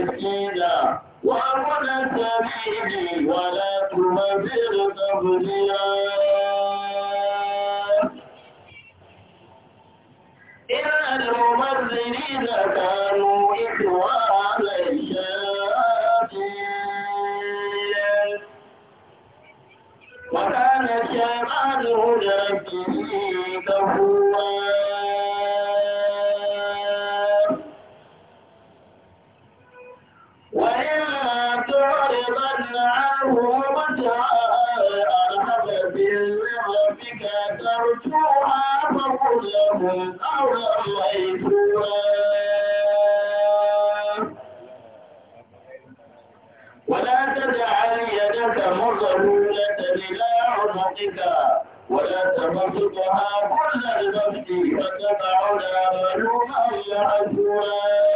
مسكينا وابن سبيل ولا تبذر تبذيرا إن المبذرين كانوا إخوان الشياطين وكان الشيطان رجلا كفورا لكم أرضا ميسورا ولا تجعل يدك مغلولة إلى عنقك ولا تبسطها كل البسط فتقعد ملوما محسورا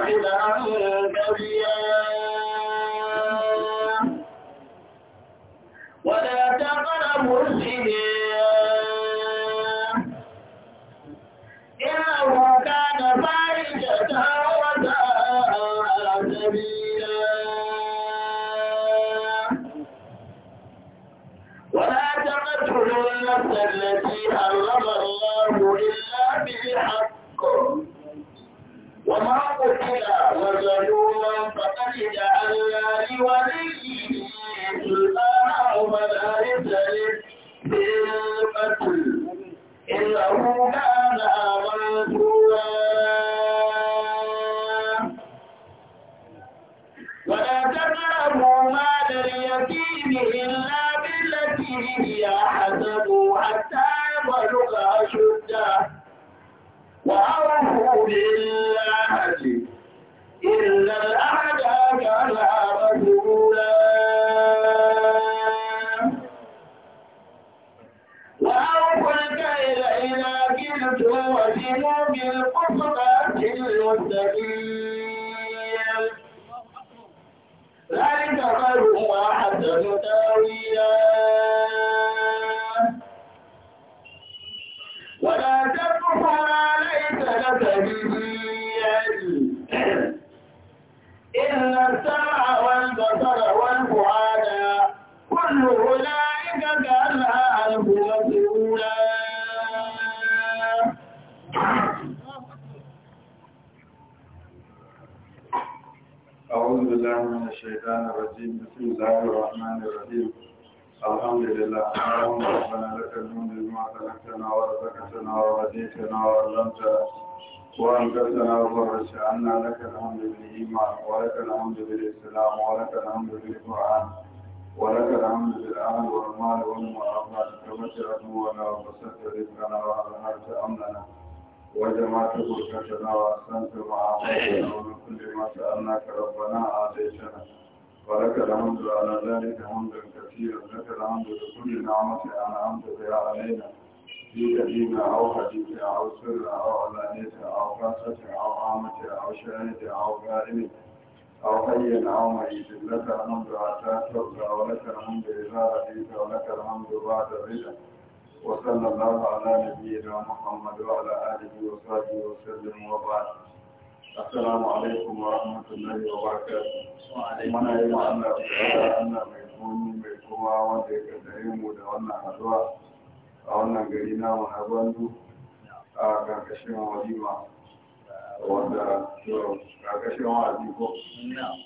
وخلقتنا ورزقتنا وهديتنا وعلمتنا وأنقذتنا وفرجت عنا لك الحمد بالإيمان ولك الحمد بالإسلام ولك الحمد بالقرآن ولك الحمد بالأهل والمال والمعافاة كبت عدونا وبسطت رزقنا وأظهرت أمننا وجمعت بركتنا وأحسنت معافاتنا ومن كل ما سألناك ربنا آتيتنا ولك الحمد على ذلك حمدا كثيرا لك الحمد لكل نعمة أنعمت بها علينا في قديم أو حديث أو سر أو علانية أو خاصة أو عامة أو شاهد أو غائب أو حي أو ميت لك الحمد حتى ترضى ولك الحمد إذا رضيت ولك الحمد بعد الرضا وصلى الله على نبينا محمد وعلى آله وصحبه وسلم وبعد السلام عليكم ورحمة الله وبركاته muna yi wa Allah da Allah mai komi mai kowa wanda ya kaddare mu da wannan haduwa a wannan gari na mahabandu a karkashin walima wanda karkashin wa'azi ko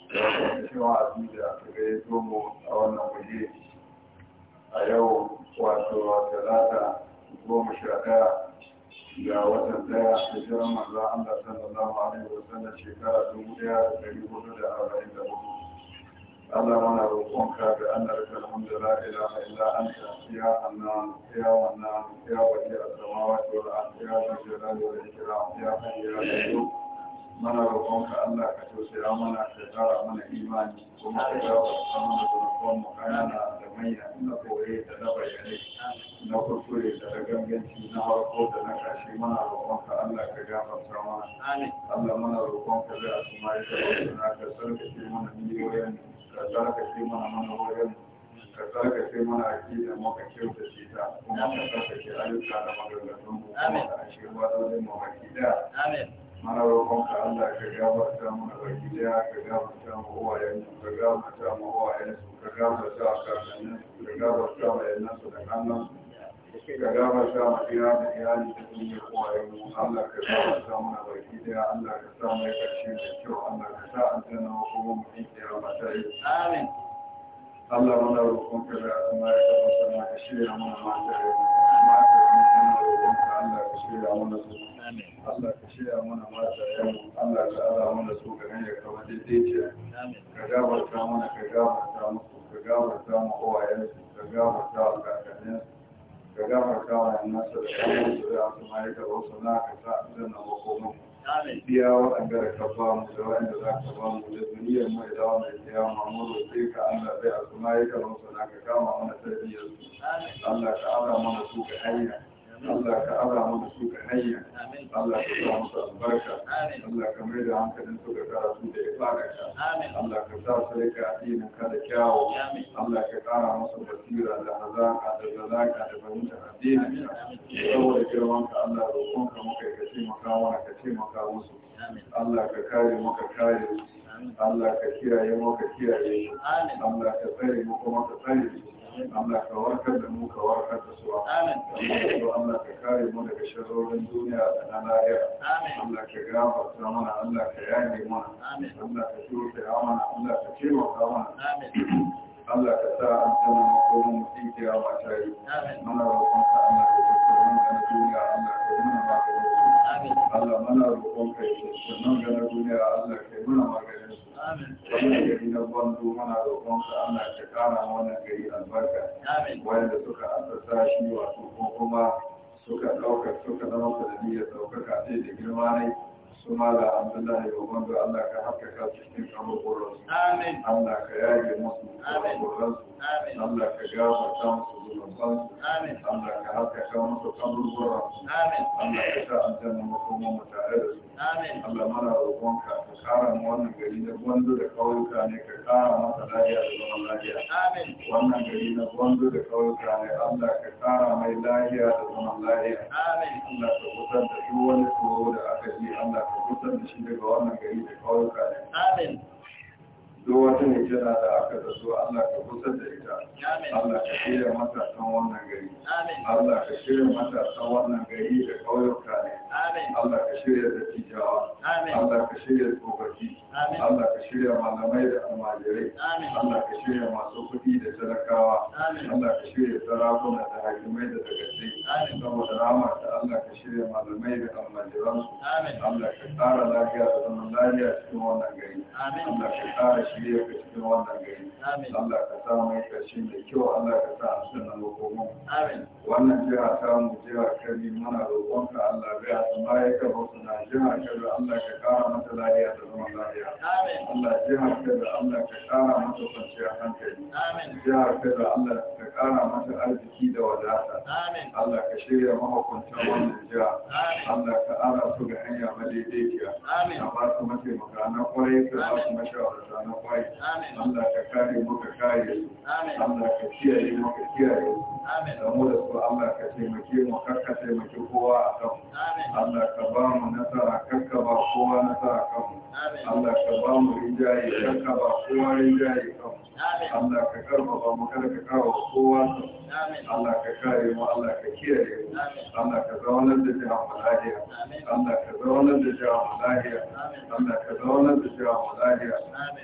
karkashin wa'azi da ta yi tomo a wannan waje a yau wato talata goma sha ɗaya ga watan daya da jiran manzo Allah sallallahu alaihi wasallam shekara dubu daya da da arba'in da Allah mana roƙonka da an narka alhamdu la ilaha illa anta ya annan ya wannan ya wajhi as-samawati wal ardi ya dhal jalali wal ikram ya hayyu ya qayyum mana roƙonka Allah ka tausaya mana ka mana imani kuma ka dawo da mana da roƙon mu kana da manya na koye da na bayyane na kuskure da na ganganci na harko da na kashi mana Allah ka gafarta Allah mana roƙonka da asma'i ka ka sarkace mana miliyoyin ka za ka mana wajen? ka za ka ce da akida maka kyauta ce ta kuma ka za ka ayyuka da maganganun mu kuma da ba da wajen mawaki daya mana roƙon ka Allah ka gabata mana baki daya ka gabata mu uwayen mu ka gabata mu uwayen su ka gabata kakannin su ka gabata mu yannan su da kannan su ka gama sa mafiya da iyali da kunya kwayo Allah ka sa mu samu na baki daya Allah ka sa mai karshe da kyau Allah ka sa an tana kuma mu yi kiyama ta yi amin Allah muna roƙon ka da asma ya ta masana ka shirya mana mata da mata da muna roƙon ka Allah ka shirya mana su Allah ka shirya mana mata da Allah ka ala mana su ga hanyar ka wajen dace ka gabarta mana ka gabarta musu ka gabarta mu uwayensu ka mu wa kakanninsu ka gafarta wa yana sarrafa su da kuma ya karo su na ka sa a zanna makomin biya waɗanda da ka ba mu da waɗanda za ka ba mu da duniyar mai dawa mai tsaya mamu roƙe ka Allah bai a kuma ya karo su na ka kama mana tarbiyyar su Allah ka ara mana su ka hanya Allah ka ara mana su ka hanya Allah ka sa musu albarka Allah ka mai da hankalin su ga karatu da ibadarka Allah ka sa su rika addinin ka da kyawu Allah ka kara musu basira da hazaka da zalaka da fahimtar addinin ka saboda girman ka Allah roƙon ka muka ka taimaka mana ka taimaka musu Allah ka kare muka kare Allah ka kiyaye muka kiyaye Allah ka tsare muka maka tsare Allah ka warkar da mu ka warkar da su Allah ka kare mu daga sharorin duniya da na lahira Allah ka gafarta mana Allah ka yage mana Allah ka shirya mana Allah ka taimaka mana Allah ka sa an san mutum mutum ke yawa ta yi. Muna roƙon ka Allah ka tattalin da duniya Allah ka nuna maka Allah muna roƙon ka yi tattalin da duniya Allah ka nuna maka wannan gari na gwanzo mana roƙon ka ana ta kara wannan gari albarka wanda suka asasa shi wato ko kuma suka ɗauka suka zama sanadiyar ɗaukaka sai da girma ne su mala abdullahi roƙon ka Allah ka haskaka cikin kabo Amen. Allah ka yaje musu amin amin Allah ka gafarta musu zunubansu amin Allah ka haskaka musu kaburbura amin Allah ka sa aljanna makoma mu tare da su amin Allah mana roƙonka ka kara mu wannan gari na gwanzo da kauyuka ne ka kara masa lafiya da zaman lafiya amin wannan gari na gwanzo da kauyuka ne Allah ka kara mai lafiya da zaman lafiya amin Allah ka kusan da duk wani tsoro da aka ji Allah ka kusan da shi daga wannan gari da kauyuka ne amin duk wata ne jira da aka da su Allah ka kusa da ita Allah ka shirya matasan wannan gari Allah ka shirya matasan wannan gari da kauyuka ne Allah ka shirya da tijawa Allah ka shirya tsofaffi Allah ka shirya malamai da almajirai Allah ka shirya masu kuɗi da talakawa Allah ka shirya sarakuna da hakimai da dagatai saboda rama ta Allah ka shirya malamai da almajiransu Allah ka tsara lafiya da zaman lafiya cikin wannan gari Allah ka tsara shirya ka wannan gari Allah ka sa mai da kyau Allah ka sa wannan jiha ta mu jiha kari mana roƙonka Allah biya su ma'aikar na jiha ka lafiya da zaman ka kara mata kwanciyar hankali jiha ka arziki da wadata Allah ka shirya mahukuntan wannan jiha Allah ka ara ga hanya madaidaiciya ka ba su mataimaka na kwarai ka ba su mashawarta na kwai Allah ka kare mu kare Allah ka kiyaye mu kiyaye su da da su Allah ka taimake mu karka ka taimake kowa a kan Allah ka ba mu nasara kar ba kowa nasara kan mu Allah ka ba mu rinjaye kan ka ba kowa rinjaye kan Allah ka karfafa mu kada ka kawo kowa Allah ka kare mu Allah ka kiyaye mu Allah ka zaunar da jiha mu lahiya Allah ka zaunar da jiha mu lahiya Allah ka zaunar da jiha mu lahiya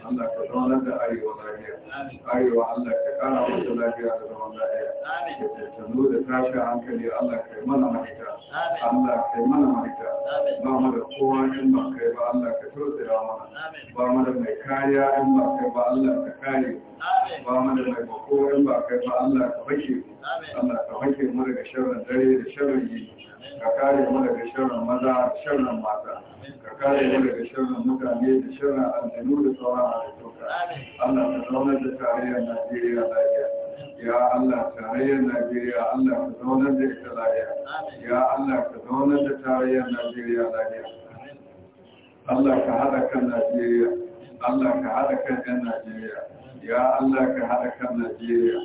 Allah ka zaunar da arewa lahiya arewa Allah ka kara mata lafiya da zaman lafiya. lahiya da tattalo da tashi hankali Allah ka yi mana mahita Allah ka yi mana mahita ba mu da kowa in ba kai ba Allah ka tausa tausaya ba mu da mai kariya in ba kai ba Allah ka kare ba mu da mai bako in ba kai ba Allah ka bashe mu Allah ka bashe mu daga sharrin dare da sharrin yini ka kare mu daga sharrin maza da sharrin mata ka kare mu daga sharrin mutane da sharrin aljanu da sauran halittuka Allah ka zaunar da tarayyar Najeriya lafiya ya Allah tarayyar Najeriya Allah ka zaunar da ita lafiya ya Allah ka zaunar da tarayyar Najeriya lafiya Allah ka haɗa kan Najeriya Allah ka haɗa kan 'yan Najeriya ya Allah ka haɗa kan Najeriya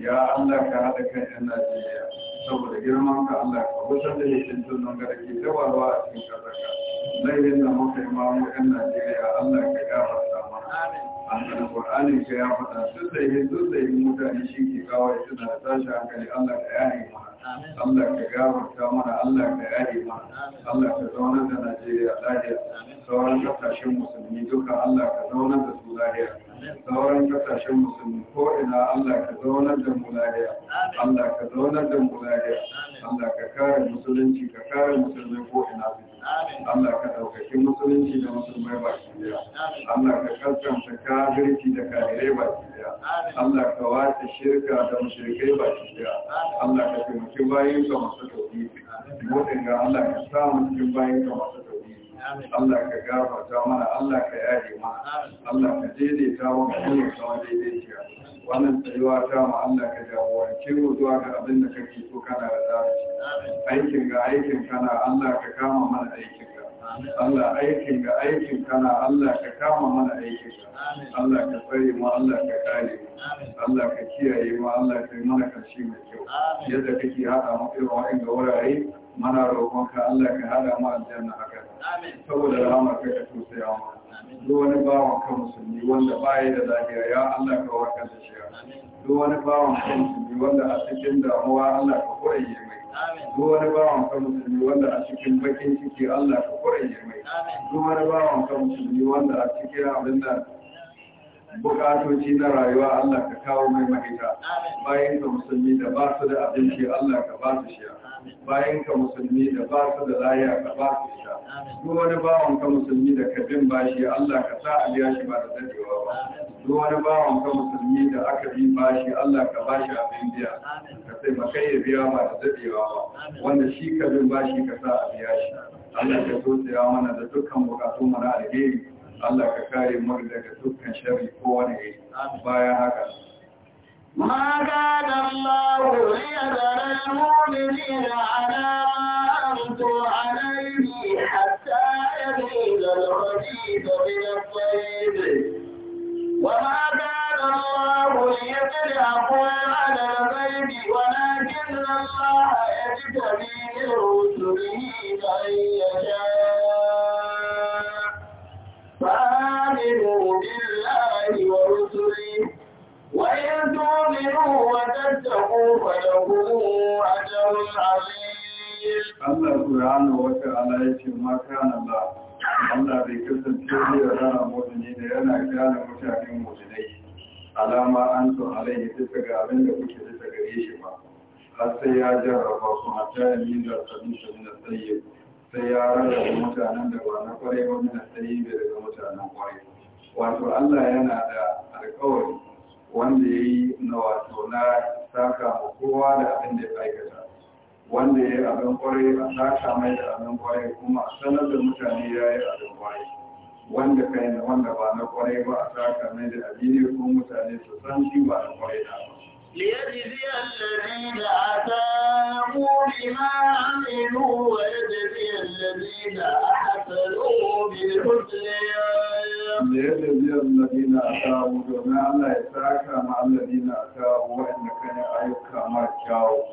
ya Allah ka haɗa kan 'yan Najeriya saboda girman ka Allah ka wutar da hikin tunan ga da ke dawarwa a cikin ƙasar laifin da muka yi ma mutan Najeriya Allah ka gafarta mana Allah Qur'ani ka ya faɗa duk da yin duk mutane shi ke kawai suna tashi hankali Allah ka yaye mana Allah ka gafarta mana Allah ka yare mana Allah ka zauna da Najeriya lafiya sauran kasashen musulmi duka Allah ka zauna da su lafiya sauran kasashen musulmi ko ina Allah ka zaunar da mu lafiya Allah ka zaunar da mu lafiya Allah ka kare musulunci ka kare musulmi ko ina Allah ka ɗaukakin musulunci da musulmai shi daya Allah ka kaskanta kafirci da ba baki daya Allah ka wace shirka da mushrikai baki daya Allah ka taimaki bayin ka masu tauhidi Mutum ga Allah ka samu cikin bayin ka masu tauhidi Allah ka gafarta mana Allah ka yaje mana Allah ka daidaita wa kuma sama daidaiciya wannan tsayuwa ta ma Allah ka jagorance mu zuwa ga abin da kake so kana da zarafi aikin ga aikin kana Allah ka kama mana aikin ka Allah aikin ga aikin kana Allah ka kama mana aikin ka Allah ka tsare ma Allah ka kare mu Allah ka kiyaye ma Allah ka yi mana karshe mai kyau yadda kake hada mu irin waɗanda ga wurare mana roƙonka Allah ka hada mu aljanna haka saboda rahama ka ka tusaya mu duk wani bawan ka musulmi wanda baya da lafiya ya Allah ka warkar da shi duk wani bawan ka musulmi wanda a cikin damuwa Allah ka koyaye mai duk wani bawan ka musulmi wanda a cikin bakin ciki Allah ka koyaye mai duk wani bawan ka musulmi wanda a cikin abin da bukatoci na rayuwa Allah ka kawo mai mahita bayan ka musulmi da ba su da abinci Allah ka ba su shiya bayan ka musulmi da ba su da laya ka ba su shiya duk wani bawan ka musulmi da ka bin bashi Allah ka sa aliya shi ba da dadewa ba duk wani bawan ka musulmi da aka bin bashi Allah ka ba shi abin biya ka sai makai ya biya ba da dadewa ba wanda shi ka bin bashi ka sa aliya shi Allah ka so tsaya mana da dukkan bukatun mana alheri Allah ka kare mu daga dukkan sharri ko wani iri bayan haka ما كان الله ليذر المؤمنين على ما أنتم عليه حتى الخبيث من الطيب وما كان الله ليذر أقوام على الغيب ولكن الله يجتبي من رسله من يشاء فآمنوا بالله ورسله وإن تؤمنوا وتتقوا فلكم أجر عظيم الله سبحانه وتعالى يقول ما كان الله Allah bai kasance zai rana mutane da yana kyale mutane mutunai alama an so alayhi bisa ga abin da kuke bisa gare shi ba har sai ya jarraba su hatta yin da sabbin sabbin da tsayyar sai ya rarraba mutanen da ba na kwarai ba mina sai bai daga mutanen kwarai wato Allah yana da alkawari wanda ya yi na wato na saka ma kowa da abin da ya aikata wanda ya yi abin kwarai a saka mai da abin kwarai kuma a sanar da mutane ya yi abin kwarai wanda kai na wanda ba na kwarai ba a saka mai da abin ko mutane su san shi ba na kwarai na ba ليجزي الذين أساءوا بما عملوا ويجزي الذين أحسنوا بالحسنى ليجزي الذين أساءوا بما لا يساك مع الذين أساءوا وإن كان أيوكا ما كاو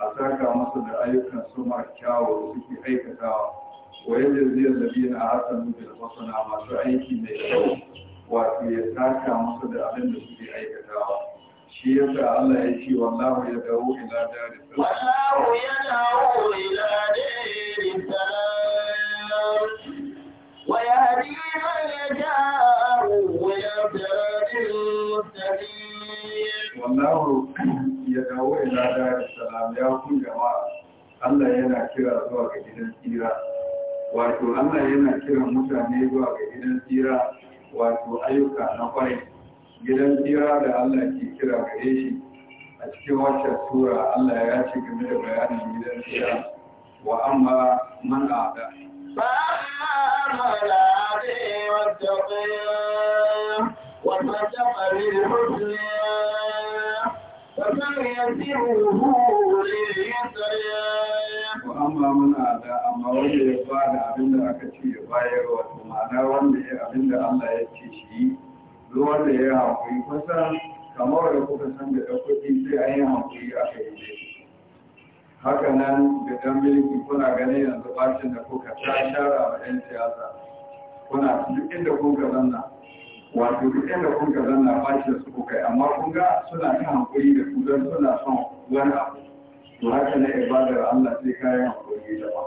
أساك مصد أيوكا سما كاو سكي أيكتاو ويجزي الذين أحسنوا بالحسنى ما سعيكي ميشو وفي يساك مصد أبن سكي أيكتاو shi yasa Allah ya ce wallahu ya dawo ila dari wallahu ya dawo ila dari salam wa yahdi man yasha'u wa yahdi mustaqim wallahu ya dawo ila dari salam ya kun jama'a Allah yana kira zuwa ga gidan tsira wato Allah yana kiran mutane zuwa ga gidan tsira wato ayyuka na kwarai gidan tsira da Allah ke kira gare shi a cikin waccan tura Allah ya ce game da bayanin gidan tsira wa amma man a'ada fa amma man a'ada wa taqiya wa taqa bil husna amma muna da amma wanda ya bada abinda aka ce ya bayar wa ma'ana wanda ya abinda Allah ya ce shi ruwan da ya haƙuri kusan kamar da kuka san da ɗan kuɗi sai an yi haƙuri a kai haka nan da ɗan miliki kuna ganin yanzu bashin da kuka ta shara ma 'yan siyasa kuna duk inda kuka zanna wato duk inda kuka zanna bashin su kuka amma kun ga suna ta haƙuri da ku don suna son wani abu to haka na ibadar Allah sai kayan haƙuri da ba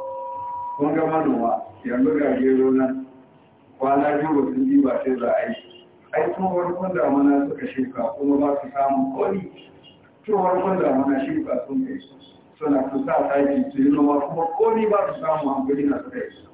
kun ga manoma yanzu ga gero nan kwana biyu ba sun ba sai za a yi ai tsohon kun damuna suka shuka kuma ba su samun kwari tsohon kun damuna shuka sun kai suna su sa taki su yi noma kuma komi ba su samu hankali na suka yi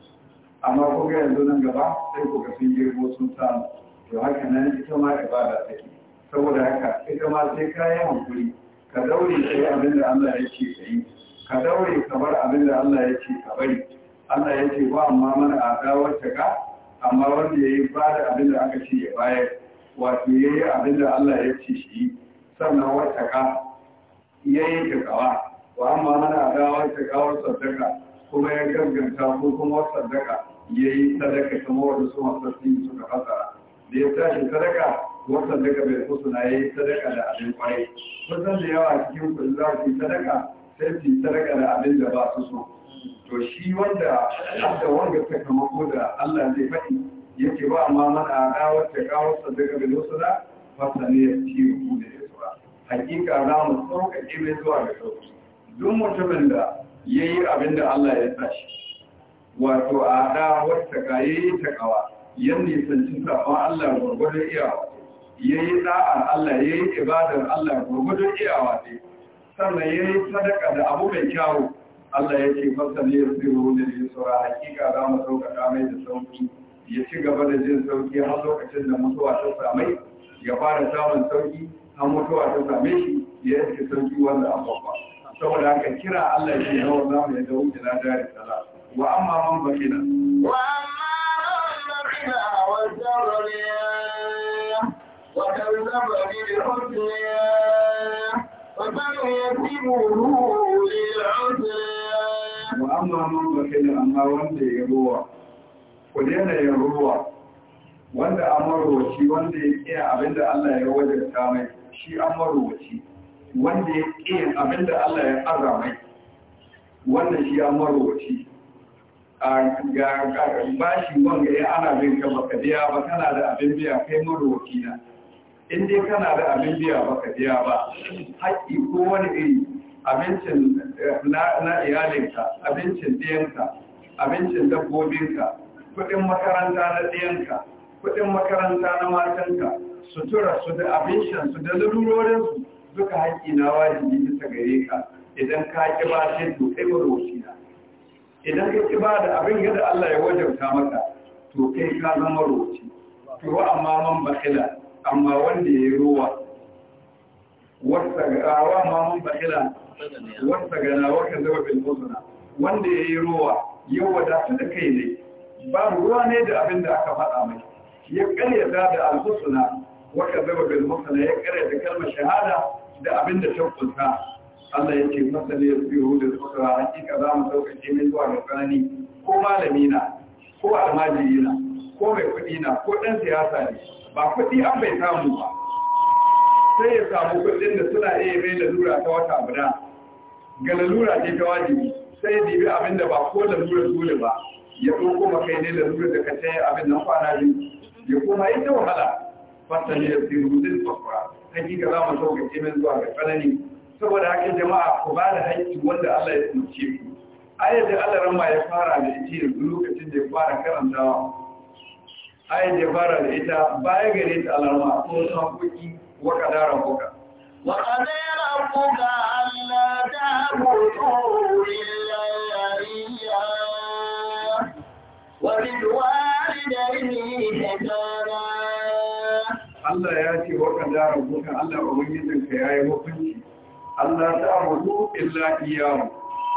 amma ko ga yanzu nan gaba sai ku ga sun girbo sun samu to haka nan ita ma ibada take saboda haka ita ma sai ka yi hankali ka daure ka yi abin da Allah ya ce ka yi ka daure ka bar abin da Allah ya ce ka bari Allah ya ce ba amma mana a dawar ta ka amma wanda ya yi ba da abin da aka ce ya bayar wato ya yi abin da Allah ya ce shi sannan wata ka ya yi takawa wa amma mana ka takawar sadaka kuma ya gaggata ko kuma sadaka ya yi sadaka kuma wanda su masassi suka fasa da ya tashi sadaka wata daga bai na ya yi sadaka da abin kwarai kusan da yawa cikin kullum za su yi sadaka sai su yi sadaka da abin da ba su so to shi wanda hadda wanda mako da Allah zai faɗi yake ba amma mana ƙawar ta sa daga da dosa da fasa ne ya ci rubu da ya tsora hakika za mu sauƙaƙe mai zuwa ga sauki duk mutumin da ya yi abin da Allah ya sa shi wato a da wata ka ya yi takawa ya nisanci saɓon Allah gwargwadon iyawa ya yi ɗa'ar Allah ya yi ibadar Allah gwargwadon iyawa ne sannan ya yi sadaka da abu mai kyawu Allah ya ce fasa ne ya fi da ya saura hakika za mu sauka mai da sauƙi ya ci gaba da jin sauƙi har lokacin da mutuwa ta same ya fara samun sauƙi har mutuwa ta same shi ya yanke sauƙi wanda an babba saboda haka kira Allah shi na wanda mu ya dawo ila dari sala wa amma man bakina wa amma man bakina wa zarriya wa kazzaba bil husna wa man yasibuhu lil amma man ne amma wanda ya ruwa, ku daina ya rowa wanda an marowaci wanda ya ƙiya abinda Allah ya wajarta mai shi an marowaci wanda ya ƙiya abinda Allah ya aza mai wanda shi an marowaci ga bashi wanga ya ana bin ka baka biya ba kana da abin biya kai marowaci na in dai kana da abin biya baka biya ba haƙƙi ko wani iri abincin eh, na iyalinka abincin ɗiyanka abincin dabbobinka kuɗin makaranta na ɗiyanka kuɗin makaranta na matanka sutura su da abincin su da lalurorinsu duka haƙƙi na wajibi bisa gare ka idan ka ƙi ba sai to kai roƙi na idan ka ƙi ba da abin yadda Allah ya wajabta maka to kai ka zama roci to amma man bakila amma wanda ya yi rowa wa ma mun bakila wanda ruwa yau wadatu da kai ne ba ruwa ne da abin da aka faɗa mai ya ƙarya da al musna wa zaba ya ƙarya da kalmar shahada da abin da ta kunta Allah ya ce masali ya fi hu da suka hakika za mu sauƙaƙe mai zuwa ga tsanani ko malami na ko almajiri na ko mai kuɗi na ko ɗan siyasa ne ba kuɗi an bai samu ba sai ya samu kudin da suna iya mai lalura ta wata guda ga lalura ke ta wajibi sai ya dibi abin da ba ko lalura dole ba ya ɗauko kai ne lalura da ka tsaye abin nan kwana biyu ya kuma yi ta wahala fata ne ya fi rudin fakwa hakika za mu sauƙaƙe min zuwa ga tsanani saboda haka jama'a ku ba da haƙƙi wanda Allah ya tsince ku ayar da Allah ramma ya fara da ita yanzu lokacin da ya fara karantawa ayar da ya fara da ita baya gare ta alarma a san kuɗi وقد ربك وقد ربك ألا تعبدوا إلا إياه وبالوالدين إحسانا Allah ya ce wa kadara bukan Allah ubangijin ka yayi hukunci Allah ta hudu illa iyahu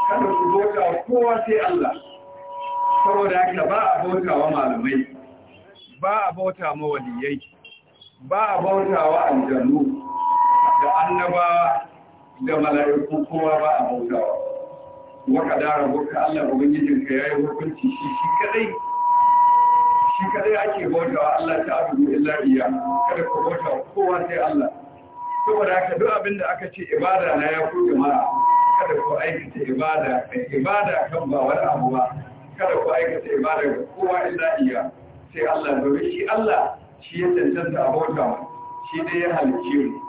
kada ku bauta kowa sai Allah saboda haka ba a bauta wa malamai ba a bauta ma waliyai ba a bautawa aljannu da annaba da mala'iku kowa ba a bautawa waka dara boka Allah ubangijin ya yi hukunci shi shi kadai shi kadai ake bautawa Allah ta abu illa iya kada ku bautawa kowa sai Allah saboda haka duk abin da aka ce ibada na ya ku jama'a kada ku aikata ibada ibada kan ba wani abu ba kada ku aikata ibada ga kowa illa iya sai Allah domin shi Allah shi ya cancanta a bauta mai shi dai ya halicce mu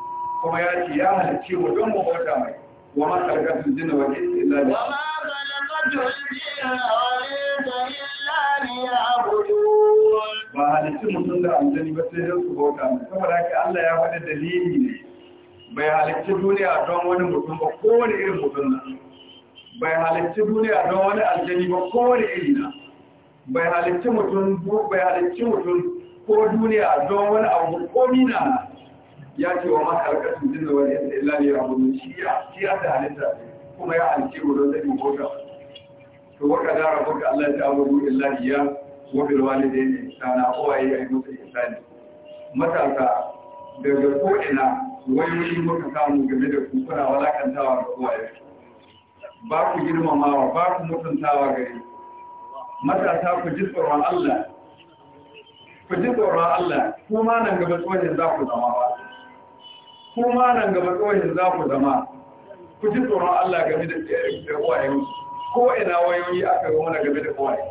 kuma ya ce ya halicce mu don mu bauta mai wa ma karkatun jina wa ke illa da ba halicci mutum da aljani ba sai don su bauta mai saboda haka Allah ya faɗi dalili ne bai halicci duniya don wani mutum ba ko wani irin mutum na bai halicci duniya don wani aljani ba wani irin na bai halicci mutum bai halicci mutum ko duniya don wani abu ko mina ya ce wa makarkar su dinna wani yadda ilani ya abu shi ya shi ya da halitta kuma ya halice mu don zai kota to waka dara baka Allah ta abu illahi ya wa bil walidain ihsana kowa ya yi musu ihsani matasa daga ko ina wani muka samu game da ku kuna walakantawa da kowa ya ba ku girmamawa ba ku mutuntawa gari. matasa ku ji Allah ku ji tsoron Allah kuma nan gaba tsohon za ku zama ba kuma nan gaba tsohon za ku zama ku ji tsoron Allah game da da wayoyi ko ina wayoyi aka ga mana game da wayoyi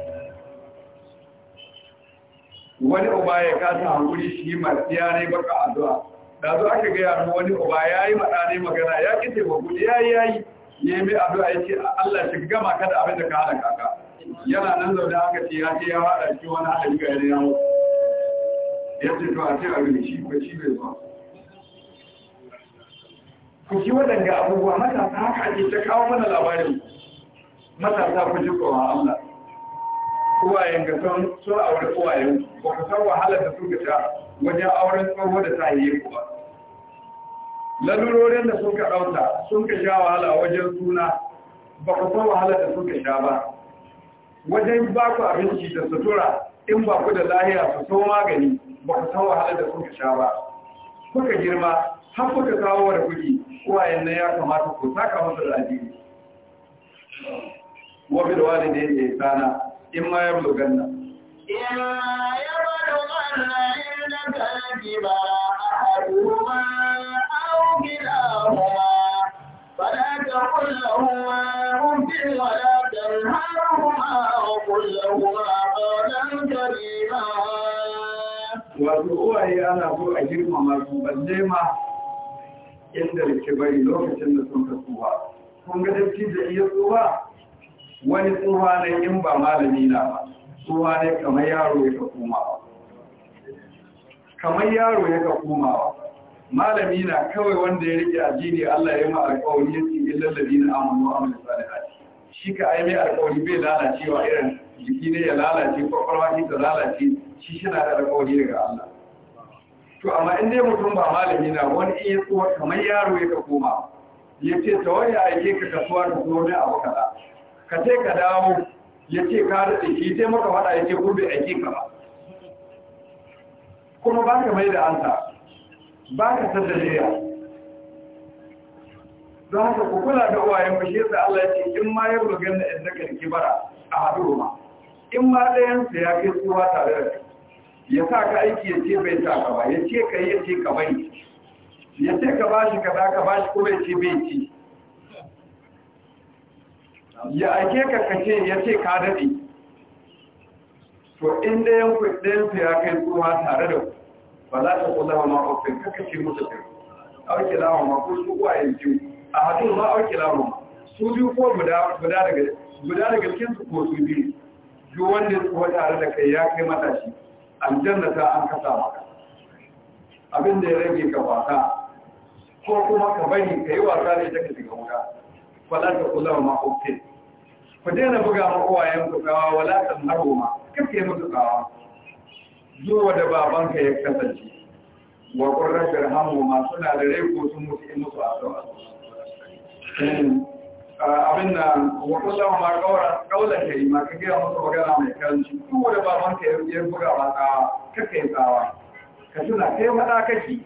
wani uba ya kasa hankuli shi ma tsiyare baka addu'a da zo aka ga yaro wani uba ya yi madane magana ya taimako, ya yi ya yi, ya mai addu'a ya ce Allah shi gama kada abin da ka hada kaka yana nan zaune aka ce ya ce ya hada shi wani hada ga yare ya mutu yanzu to a ce a shi ba shi ku ji waɗanda abubuwa matasa haka ake ta kawo mana labari matasa ku ji tsoron Allah uwayen ga son sun aure uwayen ba ku san wahalar da suka sha wajen auren tsoho da ta yi ku ba lalurorin da suka ɗauta sun ka sha wahala wajen suna ba ku san wahalar da suka sha ba wajen ba ku abinci da sutura in ba ku da lahiya su so magani ba ku san wahalar da kuka sha ba kuka girma har kuka kawo da kuɗi uwayen nan ya kamata ku saka masa da addini wa bil walidayni ihsana in ma yablughanna in yablughanna indaka al-kibar ahaduhuma aw kilahuma فلا تقل لهما أف ولا تنهرهما وقل لهما قولا كريما wato uwaye ana so a girma masu balle ma inda rike bari lokacin da sun ka ba kun ga dafi da iya tsuwa wani tsuwa ne in ba malami na ba tsuwa ne kamar yaro ya ka komawa kamar yaro ya ka ba malami na kawai wanda ya rike ajini Allah ya ma alƙawari ya ce illal ladina amanu wa amilus salihati shi ka ai mai alƙawari bai lalacewa irin jiki ne ya lalace kwakwalwa ta lalace shi shi na da alƙawari daga Allah to amma in dai mutum ba malami na wani iya ya kamar yaro ya ka koma ya ce ta wani aike ka kasuwa da zuwa ne abu kaza ka ce ka dawo ya ce ka daɗe shi sai maka faɗa ya ce gurbe aike ka ba kuma ba ka mai da ansa ba ka san da jiya don haka ku kula da uwayen ba shi yasa Allah ya ce in ma ya rugan na in daga kibara a haɗu ma in ma ɗayan sa ya kai tsuwa tare da kai ya sa ka aiki ya ce bai sa ka ba ya ce ka yi ya ce ka bai ya ce ka ba shi za ka ba shi kuma ya ce bai ci ya ake ka kace ya ce ka daɗe to inda yan su ya kai kuma tare da ba za ta kula wa ma'ofin ka kace musu ka auki lawa ma ko su kuwa yin jiwu a hatun ma auki lawa ma su biyu ko guda daga su ko su biyu duk wanda su kuwa tare da kai ya kai matashi aljanna ta an kasa maka abin da ya rage ka wasa ko kuma ka bari ka yi wasa ne daga daga wuta wala ta kula ma hukke ku daina buga ma uwayen ku kawa wala ta naro ma kake musu kawa zuwa da babanka ya kasance wa qurrat birhamu ma suna da rai ko sun mutu in musu a abin da wakulla ma kaular ka yi maka ka gaya magana mai karanci kuma da baban ka yi buga ba tsawa kaka yi tsawa ka tuna kai maɗa kake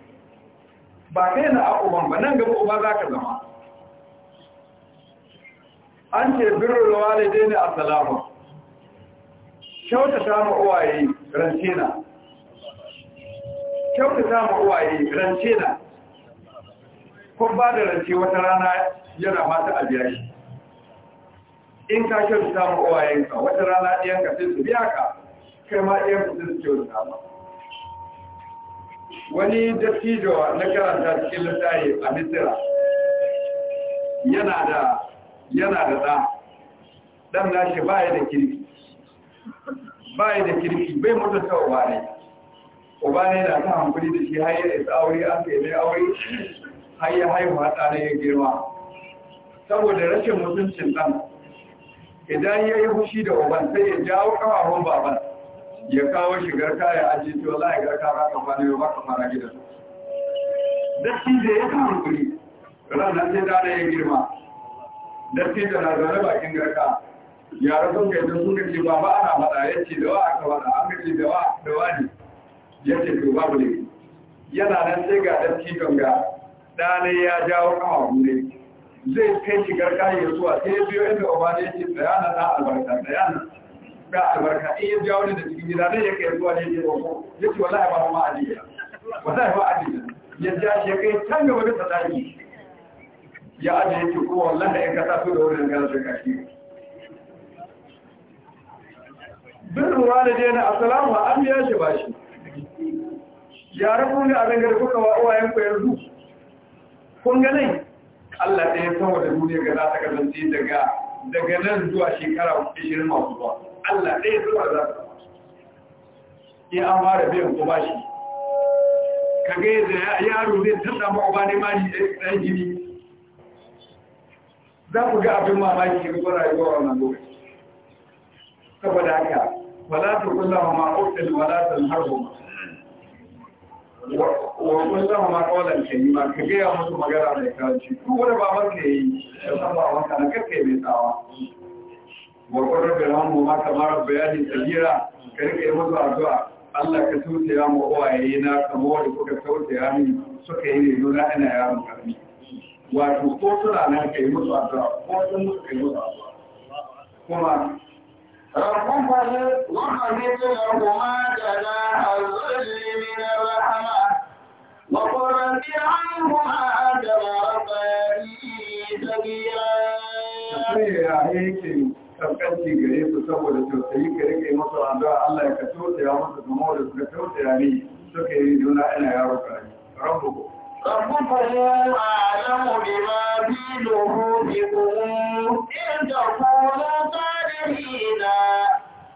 ba kai na akuban ba nan gaba uba za ka zama an ce birnin walidai dai ne a salama kyautata ma uwaye rance na kyautata ma uwaye rance ko ba da rance wata rana yana mata a biya shi in ka ta ma uwayenka wata rana ɗiyanka sai su biya ka kai ma ku sai su kyauta ma wani dattijo na karanta cikin littafi a misira yana da yana da ɗa ɗan ba ya da kirki Ba ya da kirki bai mutunta uba ne uba ne na ta hankuli da shi har ya isa aure an kai aure har ya haihuwa ta ne ya girma saboda rashin mutuncin ɗan idan ya yi hushi da uban sai ya jawo kawahon baban ya kawo shi garka ya ajiye wala ya garka ba ka fara yau baka fara gidan datti da ya kawo guri ranar sai dana ya girma dafi da na zane bakin garka ya sun kai da sun gaji ba ba ana faɗa ya ce da wa aka faɗa an gaji da wa da ya ce to babu ne yana nan sai ga dafi ganga ɗanai ya jawo kawahon ne zai kai shigar kayan zuwa sai ya biyo inda obada ya ce tsayana na albarka tsayana ga albarka in ya biya wani da cikin gida zai ya kai zuwa ne ya roƙo ya ce wallahi ba ma aliya wallahi ba aliya ya ja shi ya kai can gaba da tsadaki ya aje ya ce ko wallahi in ka taso da wurin gara sai ka shi bin ruwa da dai na assalamu an biya shi ba shi ya rabu ne a dangar kuka wa uwayen ku yanzu kun ga Allah ɗaya sama da duniya ga za ta kasance daga daga nan zuwa shekara 20 masu zuwa Allah ɗaya sama da za ta ya an fara biyan ko bashi ka ga yadda yaro zai tunda ma ba ne mali ɗan gini za ku ga abin mamaki ga rayuwa wannan lokaci saboda haka wala ta kullama ma'aukin wala ta harbo wa kullum ma da kawalan kalima ka gaya musu magana mai karanci duk wani ba babar ke yi da san babar ka na karka mai tsawa wa kullum bil hamu ma kamar bayani kabira ka rike musu addu'a Allah ka tausaya mu uwaye na kamar da kuka tausaya min suka yi reno na ina yaron karami wato ko suna nan ka yi musu addu'a ko sun musu ka yi musu addu'a kuma ربك واخفض لهما جناح الذل من الرحمة وقل رب عنهما كما ربياني صغيرا kaskanci gare su saboda tausayi ka rike masu addu'a Allah ya ka tausaya masu kuma da suka tausaya ne suka yi juna ina yaro karami rabbuku ربكم أعلم بما في نفوسكم إن تكونوا شهيدا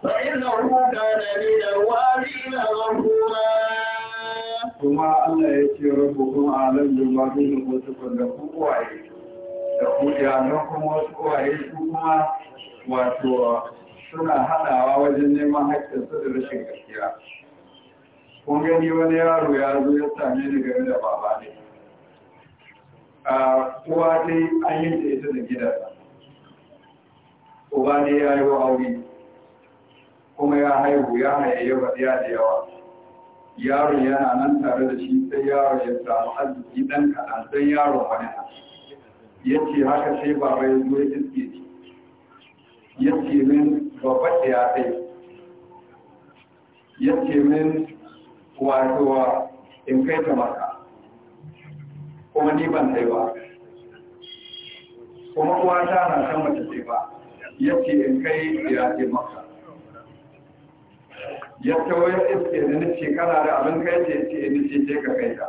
فإنه كان من الوالين غفورا kuma Allah ya ce rabu kuma alam da mafi wasu kwanda kuwaye da kuma wasu kuma wato suna haɗawa wajen neman haƙƙinsu da rashin gaskiya kun gani wani yaro ya zo ya same ni game da baba ne a kuwa dai an yi da ita da gidansa uba ne ya yi wa aure kuma ya haihu ya hayayya ba ya da yawa yaron yana nan tare da shi sai yaron ya samu arziki dan kaɗan sai yaron wani ya ce haka sai baba ya zo ya iske shi ya ce min babbar da ya kai ya ce min wato in kai ta maka kuma ni ban sai ba kuma kuwa ta na kan mace sai ba yake in kai iraki maka ya tawaye iske da na shekara da abin kai ce ce ni ce ce ka kai ta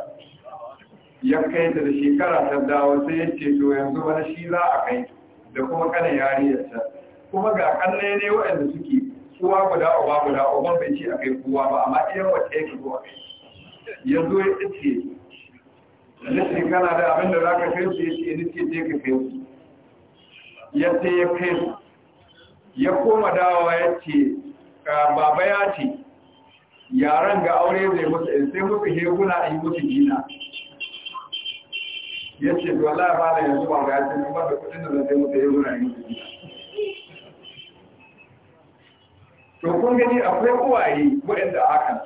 ya kai da shekara ta dawo sai ya ce to yanzu wani shi za a kai da kuma ya yariyarsa kuma ga kalle ne waɗanda suke kowa guda uba guda uba bai ce a kai kowa ba amma iya wacce yake zuwa kai zo ya ce iske na kana da abin da za ka kai su ya ce ni ce ce ka kai su ya ce ya kai su ya koma dawa ya ce baba ya ce yaran ga aure zai musu in sai musu heguna in musu gina ya ce dole ba da yanzu ba ga yanzu ba da kudin da zai musu heguna in musu gina to kun gani akwai uwaye da hakan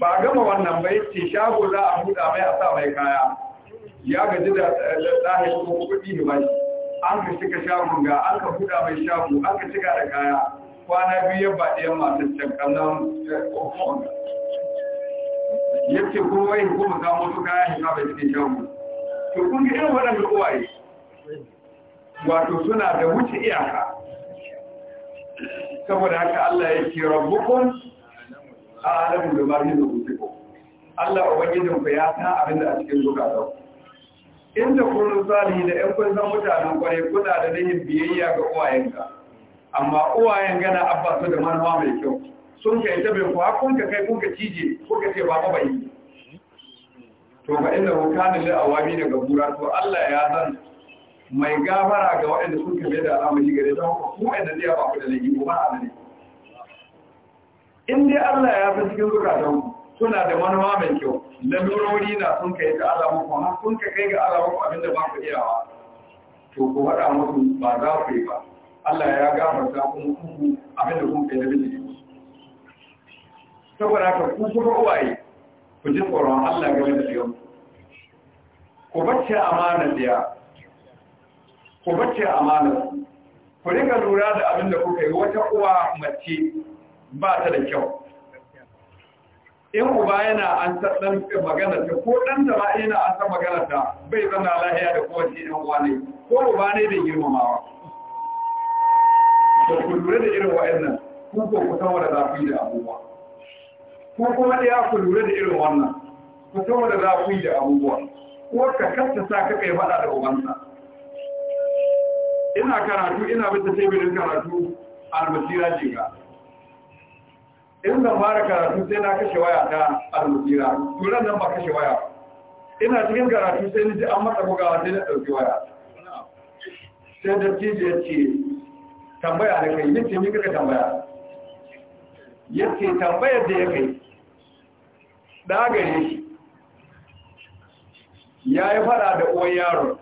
ba gama wannan bai ce shago za a buɗa mai a sa mai kaya ya gaji da ɗahin ko kudi ne mai an ka cika shagun ga an ka buɗa mai shagu an ka cika da kaya kwana biyu ya baɗi yan matan can kallon eh, ya ce kuma yi kuma za mutu kaya shi ma bai cikin shagu to kun ga irin waɗanda uwaye wato suna da wuce iyaka saboda haka Allah ya ce rabbukun a alamun da ma yi da Allah ubangijinku ya san abin da a cikin zukatan in da kullun da ƴan kun san mutanen kwarai kuna da nihin biyayya ga uwayenka amma uwayen gana abba su da manuwa mai kyau sun kai ta bai kuwa kun ka kai kun ka cije ko ka ce ba ba bai to ba inda hukanin da awami daga bura to Allah ya zan mai gafara ga waɗanda sun kame da al'amari gare ta ku waɗanda zai ba ku da laifi kuma a ne in dai Allah ya fi cikin zukatan ku suna da manuwa mai kyau lalurori na sun kai ga alamu kuma sun ka kai ga alamu abinda ba ku iyawa to ku faɗa musu ba za ku yi ba Allah ya gafarta kuma kuku abinda kun kai da bijiri saboda ka ku kuma uwaye ku ji tsoron Allah game da yau ku bacce amana biya ku bacce amana ku rika lura da abinda kuka yi wata uwa mace ba ta da kyau in uba yana an ɗan magana ta ko ɗan da ba yana an san magana ta bai zana lahiya da kowace ɗan uwa ne ko uba ne da girmamawa da ku lura da irin wa'annan ku ko ku san wanda za ku yi da abubuwa ko kuma ɗaya ku lura da irin wannan ku san wanda za ku yi da abubuwa ko ka kasta sa ka kai faɗa da ubansa ina karatu ina bisa tebirin karatu almasira jiga in zan fara karatu sai na kashe waya ta almutira turan nan ba kashe waya ina cikin karatu sai ni ji an mata bugawa sai na ɗauki waya sai da ya ce tambaya da kai ce ni kaka tambaya Ya ce tambayar da ya kai da gare shi ya yi fada da uwan yaro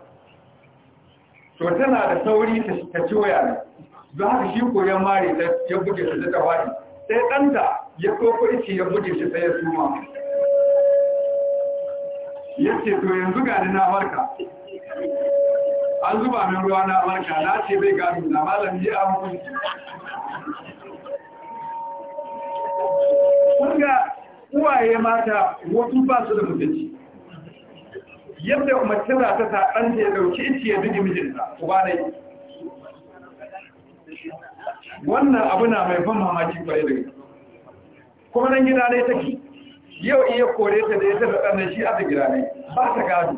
to tana da sauri ta ci waya don haka shi koyon mare ya buge su ta tawari sai ɗanta ya koko ice ya buɗe shi sai ya suma ya ce to yanzu gani na farka an zuba min ruwa na farka na ce bai gano na malam yi an kun kunga uwaye mata wasu ba su da mutunci yadda umarci za ta ta ɗanta ya ɗauki ice ya buge mijinta uba ne wannan abu na mai ban mamaki kwarai da gaske kuma nan gida ne take yau iya kore ta da ya tafi ɗannan shi a ta gida ne ba ta gado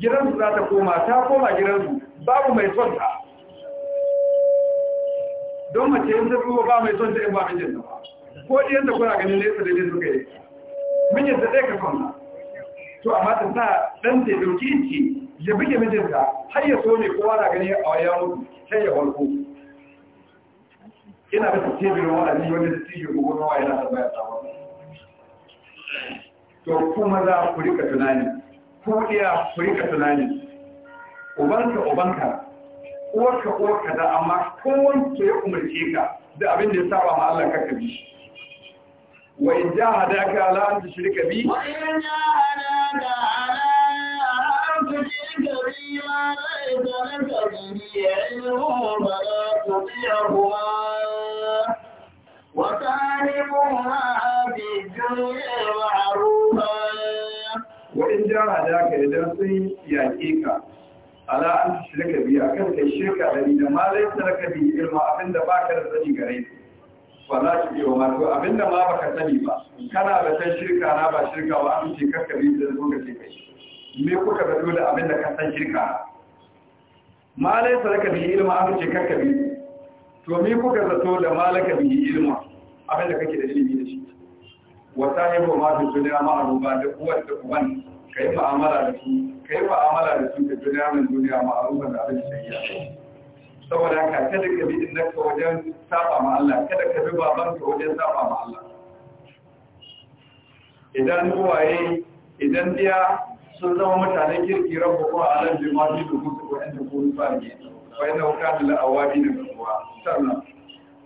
gidansu za ta koma ta koma gidansu babu mai son ta don mace yin zafi ba mai son ta in ba mijin ta ba ko ɗiyan da kuna ganin nesa da ne suka yi mijin ta ɗaya ka son to amma ta sa ɗan ta ɗauki inci ya buge mijinta har ya so ne kowa na gani a wayan mutu sai ya walko ina da tebirin wa'azi wanda da na gugurwa yana da bayan tsawon to kuma za ku rika tunani ko iya ku rika tunani ubanka ubanka uwarka uwarka da amma kowanto ya umarce ka da abin da ya saba ma Allah kaka bi wa in jahadaka ala an tushrika bi wa in jahadaka ala an tushrika bi ma la ilaha illa وصاحبها بالدنيا معروفا وإن جاهداك إذا سن يأتيك على أن تشرك بي أكن كي شركة لدينا ما ليس لك به إلما أبن دباك رسني غريب فلا تبي وما تو أبن ما بك سني با كان بتن شركة أنا بشركة وأنا شركة كبير لذلك شركة me kuka zato da abin da ka san shirka ma laisa laka bihi ilma an ce kakka bi to me kuka zato da malaka bihi ilma abinda kake da ilimi da shi wa sahibu ma fi duniya ma aruba da uwar da uban kai ma'amala da su kai ma'amala da su da duniya min duniya ma aruba da abin shari'a saboda ka, kada ka bi ka wajen saba ma Allah kada ka bi ka wajen saba ma Allah idan uwaye idan biya sun zama mutanen kirki rabu kuma a nan jima'a da kusa ko su ko su ne wa yana da la'awabi da sannan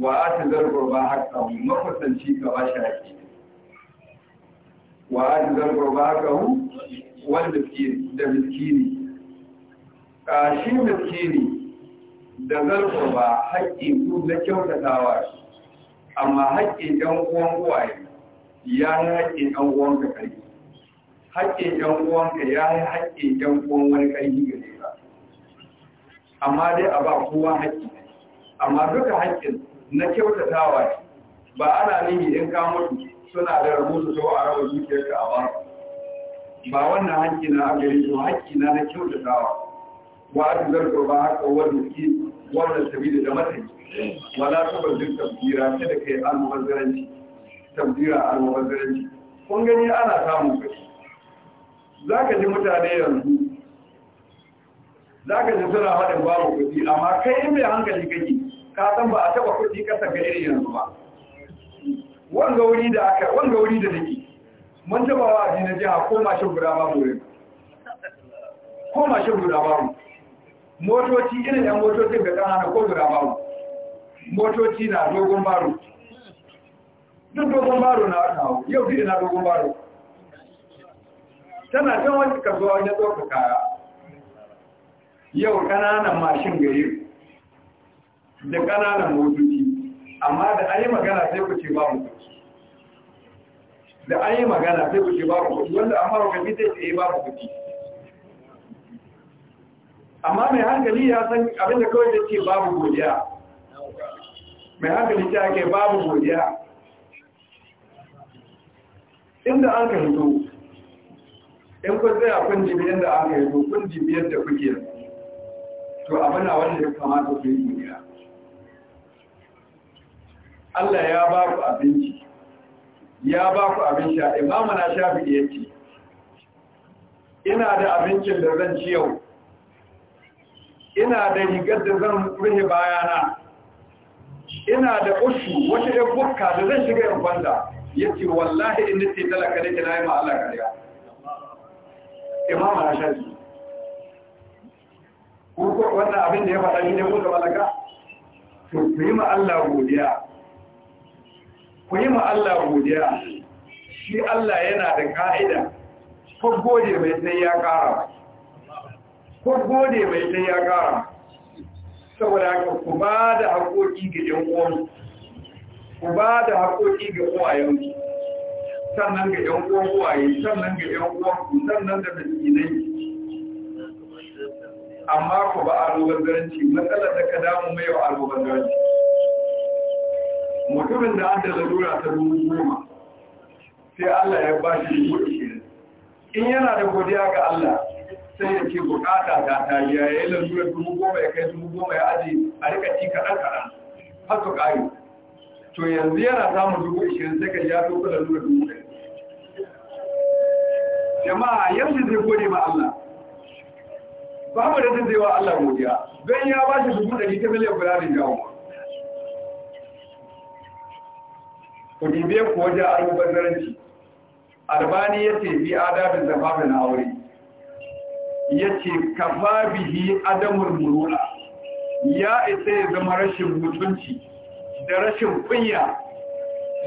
wa ata zargur ba haka makusanci ka ba shi haƙi wa ata zargur ba haka hu wanda da miskini a shi miskini da zargur ba haƙi su na kyautatawa amma haƙƙin ɗan uwan uwaye ya yi haƙƙin ɗan uwanka ƙarfi haƙƙin ɗan uwanka ya yi haƙƙin ɗan uwan wani ƙarfi gare ka amma dai a ba kowa haƙƙi amma duka haƙƙin na kyautatawa ce ba ana nihi in ka mutu suna da rubutu to a raba zuciyarka a ba ba wannan hakki na a gari to hakki na na kyautatawa wa a ko ba haka wanda ki wanda sabida da matan wala ta bazin tabbira ta da kai almubazzaranci tabbira almubazzaranci kun gani ana samun kashi za ka ji mutane yanzu za ka ji suna haɗin babu kuɗi amma kai in mai hankali kake ka ba a taba kudi ƙasa ga irin yanzu ba wanga wuri da aka wanga wuri da nake mun taba wa na jiha ko mashin guda ba mu ko mashin guda ba mu motoci ina yan motocin ga ƙanana ko guda ba mu motoci na dogon baro duk dogon baro na wata hau yau gidi na dogon baro tana can wani kasuwa wajen tsoka kaya yau ƙananan mashin gari da ƙananan motoci amma da an yi magana sai ku ce ba mu kuɗi da an yi magana sai ku ce ba mu kuɗi wanda amma fara kafi sai ce ba mu kuɗi amma mai hankali ya san abinda kawai zai ce babu godiya mai hankali ta ke babu godiya inda an ka hito in kun tsaya kun jibi inda an ka hito kun jibi yadda kuke to abin a wanda ya kamata ku yi godiya Allah ya ba ku abinci ya ba ku abinci a imamu na shafi ya ce ina da abincin da zan ci yau ina da rigar da zan rufe bayana ina da ushu wata ɗan bukka da zan shiga yin kwanza, ya ce wallahi inda ce talaka da ke na yi ma'ala kariya imamu na shafi wannan abin da ya faɗa shi ne ko da malaka to ku yi Allah godiya ku yi ma Allah godiya shi Allah yana da ka'ida ko gode mai sai ya ƙara ko gode mai sai ya kara saboda haka ku ba da haƙoƙi ga ƴan uwanku ku ba da haƙoƙi ga uwayenku sannan ga ƴan uwan uwaye sannan ga uwan ku sannan da miskinai amma ku ba a garanci matsalar da ka damu mai wa garanci mutumin da an zarura ta dubu goma sai Allah ya ba shi kuɗi in yana da godiya ga Allah sai ya ce bukata ta ta ya yi lalurar dubu goma ya kai dubu goma ya aji a rika ci kaɗan kaɗan har su ƙari to yanzu yana samun dubu ishirin sai ka ya tofa lalurar dubu goma. jama'a yanzu zai gode ma Allah Ba mu da zai wa Allah godiya don ya ba shi dubu ɗari ta miliyan guda da jawo ku dibe a albazaranci albani ya ce bi adabin da mai na aure ya ce kafa bihi adamun murula ya isa ya zama rashin mutunci da rashin kunya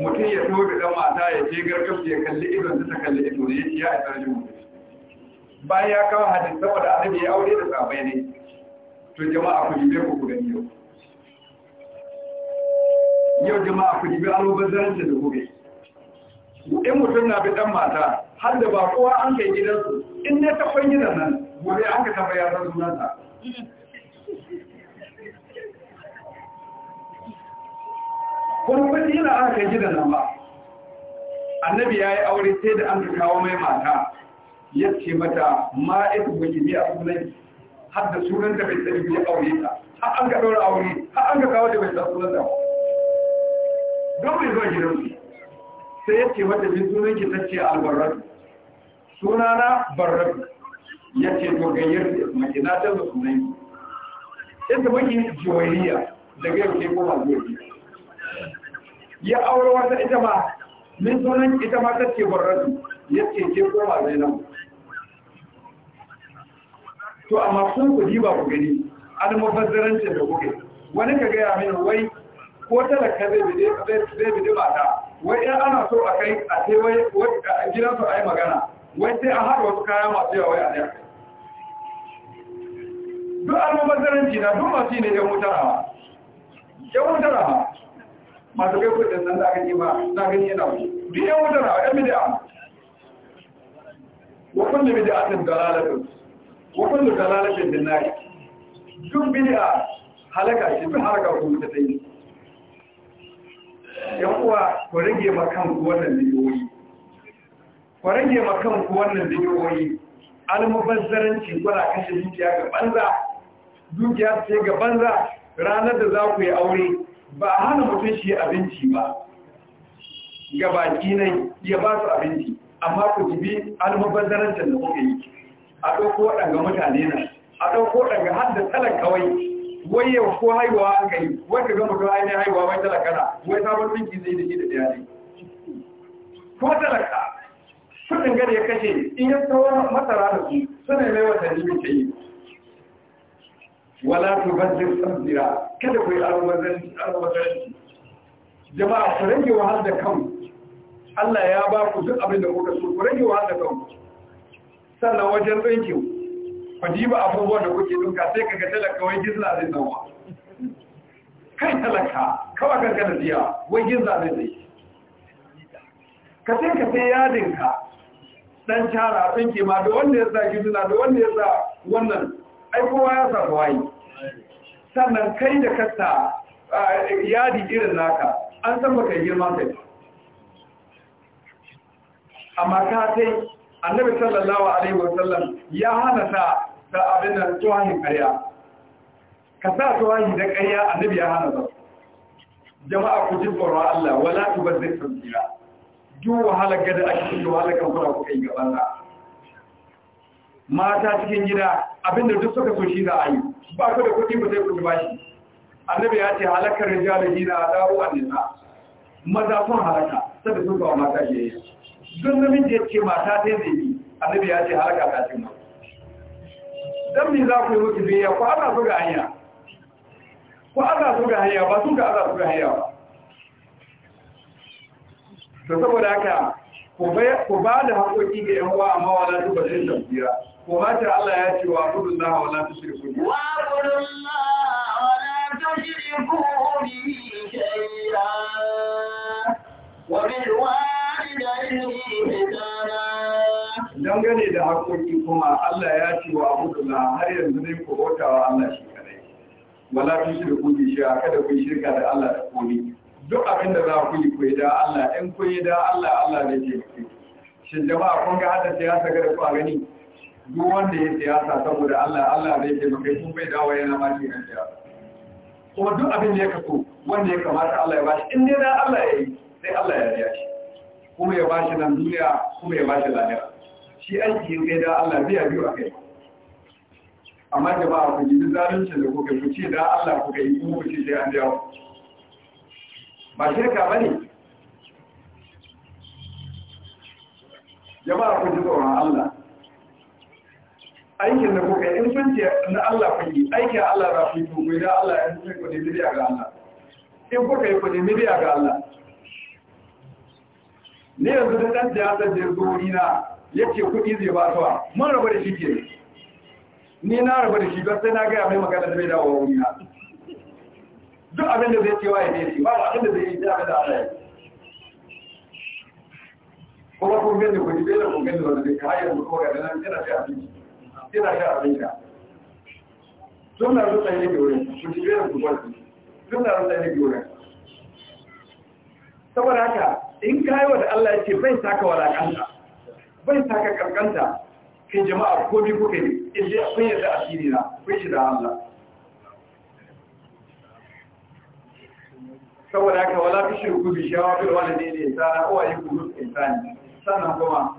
mutum ya so da mata ya ce garkaf ya kalli idon ta kalli ido ne ya isa rashin mutunci bayan ya kawo hadin saboda annabi ya aure da sabai ne to jama'a ku dibe ku yau yau jama'a ku dibi almubazzaranci da gobe in mutum na bi dan mata har da ba kowa an kai gidansu in ne ta kwan gidan nan gobe an ka taba yaran sunansa kuma ba yana an kai gidan nan ba annabi ya yi aure sai da an kawo mai mata ya ce mata ma'aikata wani biya sunan har da sunan ta bai tsari biya aure ta har an ka ɗaura aure har an ka kawo da bai tsari sunan da ba don mai zuwa gidansu sai ya ce wadda bin sunan ki ta ce albarratu sunana barratu ya ce to gayyar mace na ta zuwa sunan ki ita maki juwairiya daga yau ke koma zuwa ya aure wata ita ma min sunan ita ma ta ce barratu ya ce ke koma zainabu to amma sun ku diba ku gani almubazzarancin da kuke wani ka gaya mini wai ko talaka zai bide zai bide mata wai in ana so a kai a ce wai a gidansu a yi magana wai sai a haɗa wasu kaya masu yawa a ɗaya duk almubazzaranci na duk masu ne yan wutar hawa yan wutar hawa masu kai kudin nan da aka ce ba na gani yana wuce duk yan wutar hawa yan bidi'a bi da bidi'a sun dalalatin wakon da dalalatin dinnari duk bidi'a halaka shi duk halaka kuma ta yi yan uwa ku rage ma kanku wannan bidiyoyi ku rage wannan bidiyoyi almubazzaranci kuna kashe dukiya ga banza dukiya ce ga banza ranar da za ku yi aure ba hana mutum shi abinci ba ga baki nan ya ba su abinci amma ku jibi almubazzarancin da kuka yi a ɗauko waɗanga mutane na, a ɗauko waɗanga har da talar kawai wai yau ko haihuwa an kai wanda ka gama ai ne haihuwa wai talakana wai sabon dinki zai da shi da ɗaya ne ko talaka kudin gada ya kashe in ya tsawon masara da su suna mai watanni mace yi wala tu bazir sabira kada ku yi almubazzaranci jama'a ku rage wahal da kan Allah ya ba ku duk abin da kuka so ku rage wahal da kan sannan wajen tsinkin ku ba abubuwan da kuke duka sai ka ga talaka wai gizla zai zama kai talaka kawai kanka kana siya wai gizla zai zai ka sai ka sai yadinka dan cara ke ma da wanda ya sa gizla da wanda ya sa wannan ai kowa ya sa kawai sannan kai da kasta yadi irin naka an san baka girma kai amma ka kai annabi sallallahu alaihi wasallam ya hana ta ta abin da tuwahin ƙarya ka sa tuwahi da ƙarya annabi ya hana ba. jama'a ku ji tsoron Allah wala tu zai tamsira duk wahala gada a cikin wahala kan fara kuka yi gaban sa mata cikin gida abinda duk suka so shi za a yi ba ku da kuɗi ba zai ku ba shi annabi ya ce halakar rijalin gida a dawo a nisa maza sun halaka saboda sun ba mata ke yi don namin da ya ce mata ta yi zai annabi ya ce halaka ta ce ma don me za ku yi mutu biya ku ana su ga hanya ku ana su ga hanya ba su ga ana su ga hanya ba da saboda haka ku ba da haƙoƙi ga yan uwa amma wala ba zai tafiya ko ba ta Allah ya ce wa abdullahi wala tushriku wa abdullahi wala tushriku bihi shay'a wa dangane da hakoki kuma Allah ya ce wa abudullah har yanzu ne ku bauta Allah shi kadai wala shi da bi shi kada ku shirka da Allah da komai duk abin da za ku yi ku da Allah in ku yi da Allah Allah ne ke ku shin jama'a kun ga hada siyasa ga ku a gani duk wanda ya siyasa saboda Allah Allah ne ke maka kun bai dawo yana ma shi siyasa kuma duk abin da ya kaso wanda ya kamata Allah ya bashi in dai da Allah ya yi sai Allah ya riya shi kuma ya bashi nan duniya kuma ya bashi lahira shi aiki ya kai da Allah biya biyu a kai amma jama'a ku ji zalunci da kuka ku ce da Allah kuka yi kuma ku ce sai an jawo ba shi ba ne jama'a ku ji tsoron Allah aikin da kuka yi in ce na Allah ku yi aikin Allah za ku yi to ku da Allah ya nuna ku ne biya ga Allah in kuka yi ku ne biya ga Allah ne yanzu da ɗan siyasar da ya zo wurina ya ce kuɗi zai ba suwa mun rabu da shi ke ni na rabu da shi ba sai na gaya mai magana da bai dawo wurina duk abin da zai cewa ya ne ba abin da zai yi da abin da ana yi kuma kun gani ku jibe da kun gani wanda zai ka hayar mutuwa ga nan tana shi abinci tana shi abinci suna rutsa ne ke wurin ku jibe da ku gwalci suna rutsa ne ke wurin saboda haka in ka yi wata Allah ya ce bai saka walakanta bai saka kankanta kai jama'a ko bi kuka yi inda ya kun da asiri na kun shi da Allah saboda ka wala fi shi ku bi shawa bil walidayni insana wa yakunu insani sannan kuma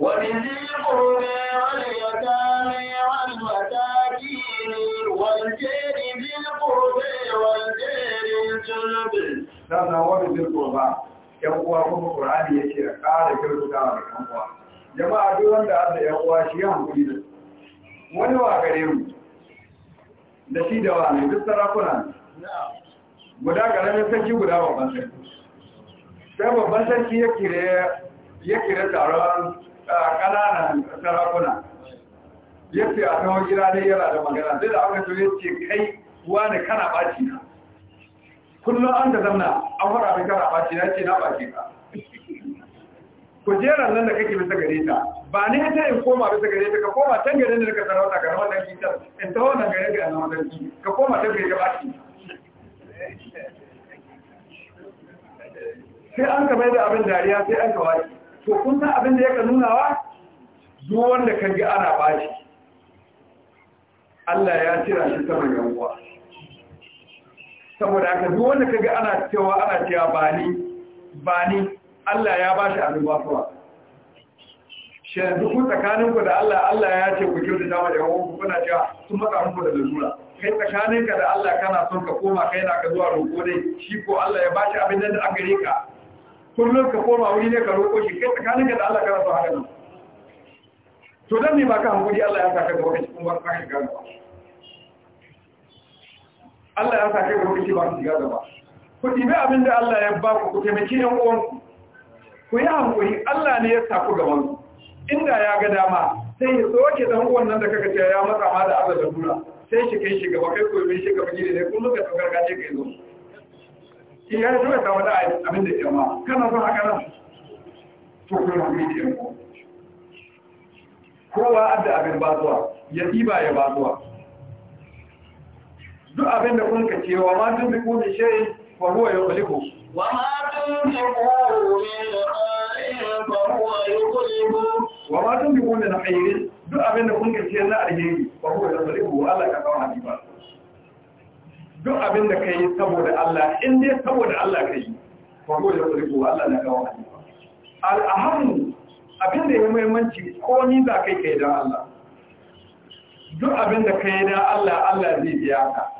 وبذي القرب واليتامى والمساكين والجير ذي القرب والجير sannan نعم وبذي القربى yan uwa kuma ya ce a ƙara kyautatawa wa yan uwa jama'a duk wanda aka yan uwa shi ya hankuli da wani wa gare mu da shi da wani duk sarakuna guda ƙaramin sarki guda babban sarki sai babban sarki ya kire ya kire taron ƙananan sarakuna ya ce a tsawon gida ne yana da magana sai da aka so ya ce kai wani kana ɓaci na kullum an da zamna an fara abin kara ɓaci na ce na ɓaci ka jera nan da kake bisa gare ta ba ni ta in koma bisa gare ta ka koma ta gare da ka sarauta ga wannan kitar in ta wannan gare ga nan wannan ki ka koma ta gare ga ɓaci sai an ka mai da abin dariya sai an ka wace to kun san abin da yake nunawa duk wanda ka ga ana bashi Allah ya tira shi manyan uwa. saboda haka duk wanda kaga ana cewa ana cewa ba ni ba ni Allah ya bashi abin wasuwa.' shi ku tsakaninku da Allah Allah ya ce ku da dama da ku kuna cewa sun matsa muku da lalura kai tsakaninka da Allah kana son ka koma kai na ka zuwa roƙo dai shi ko Allah ya bashi abin da aka yi ka kullum ka koma wuri ne ka roƙo shi kai tsakaninka da Allah kana son haka nan to dan ne ba ka hankali Allah ya saka wani cikin wani kashin gaba Allah ya sake ku kuke ba ku shiga gaba ku dibe abin da Allah ya ba ku ku taimaki yan uwanku ku yi hankuri Allah ne ya sa ku gaban ku inda ya ga dama sai ya soke dan uwan nan da kaka ce ya matsa ma da Allah da dura sai shi kai shi gaba kai ko mai shi gaba gidi kun luka ta gargaje kai zo ki ya so ta wada abin da ya ma kana son haka nan to ku ne ke kowa adda abin ba zuwa ya ba ya ba zuwa duk abin da kun kace wa ma tun biku da shay wa huwa yuqlibu wa ma tun biku wa ma tun biku min khairin duk abin da kun kace na alheri wa huwa yuqlibu Allah ka kawo hadiba duk abin da kai saboda Allah in dai saboda Allah kai wa huwa yuqlibu Allah na kawo hadiba al ahamu abin da ya muhimmanci ko ni za kai kai da Allah duk abin da kai da Allah Allah zai biya ka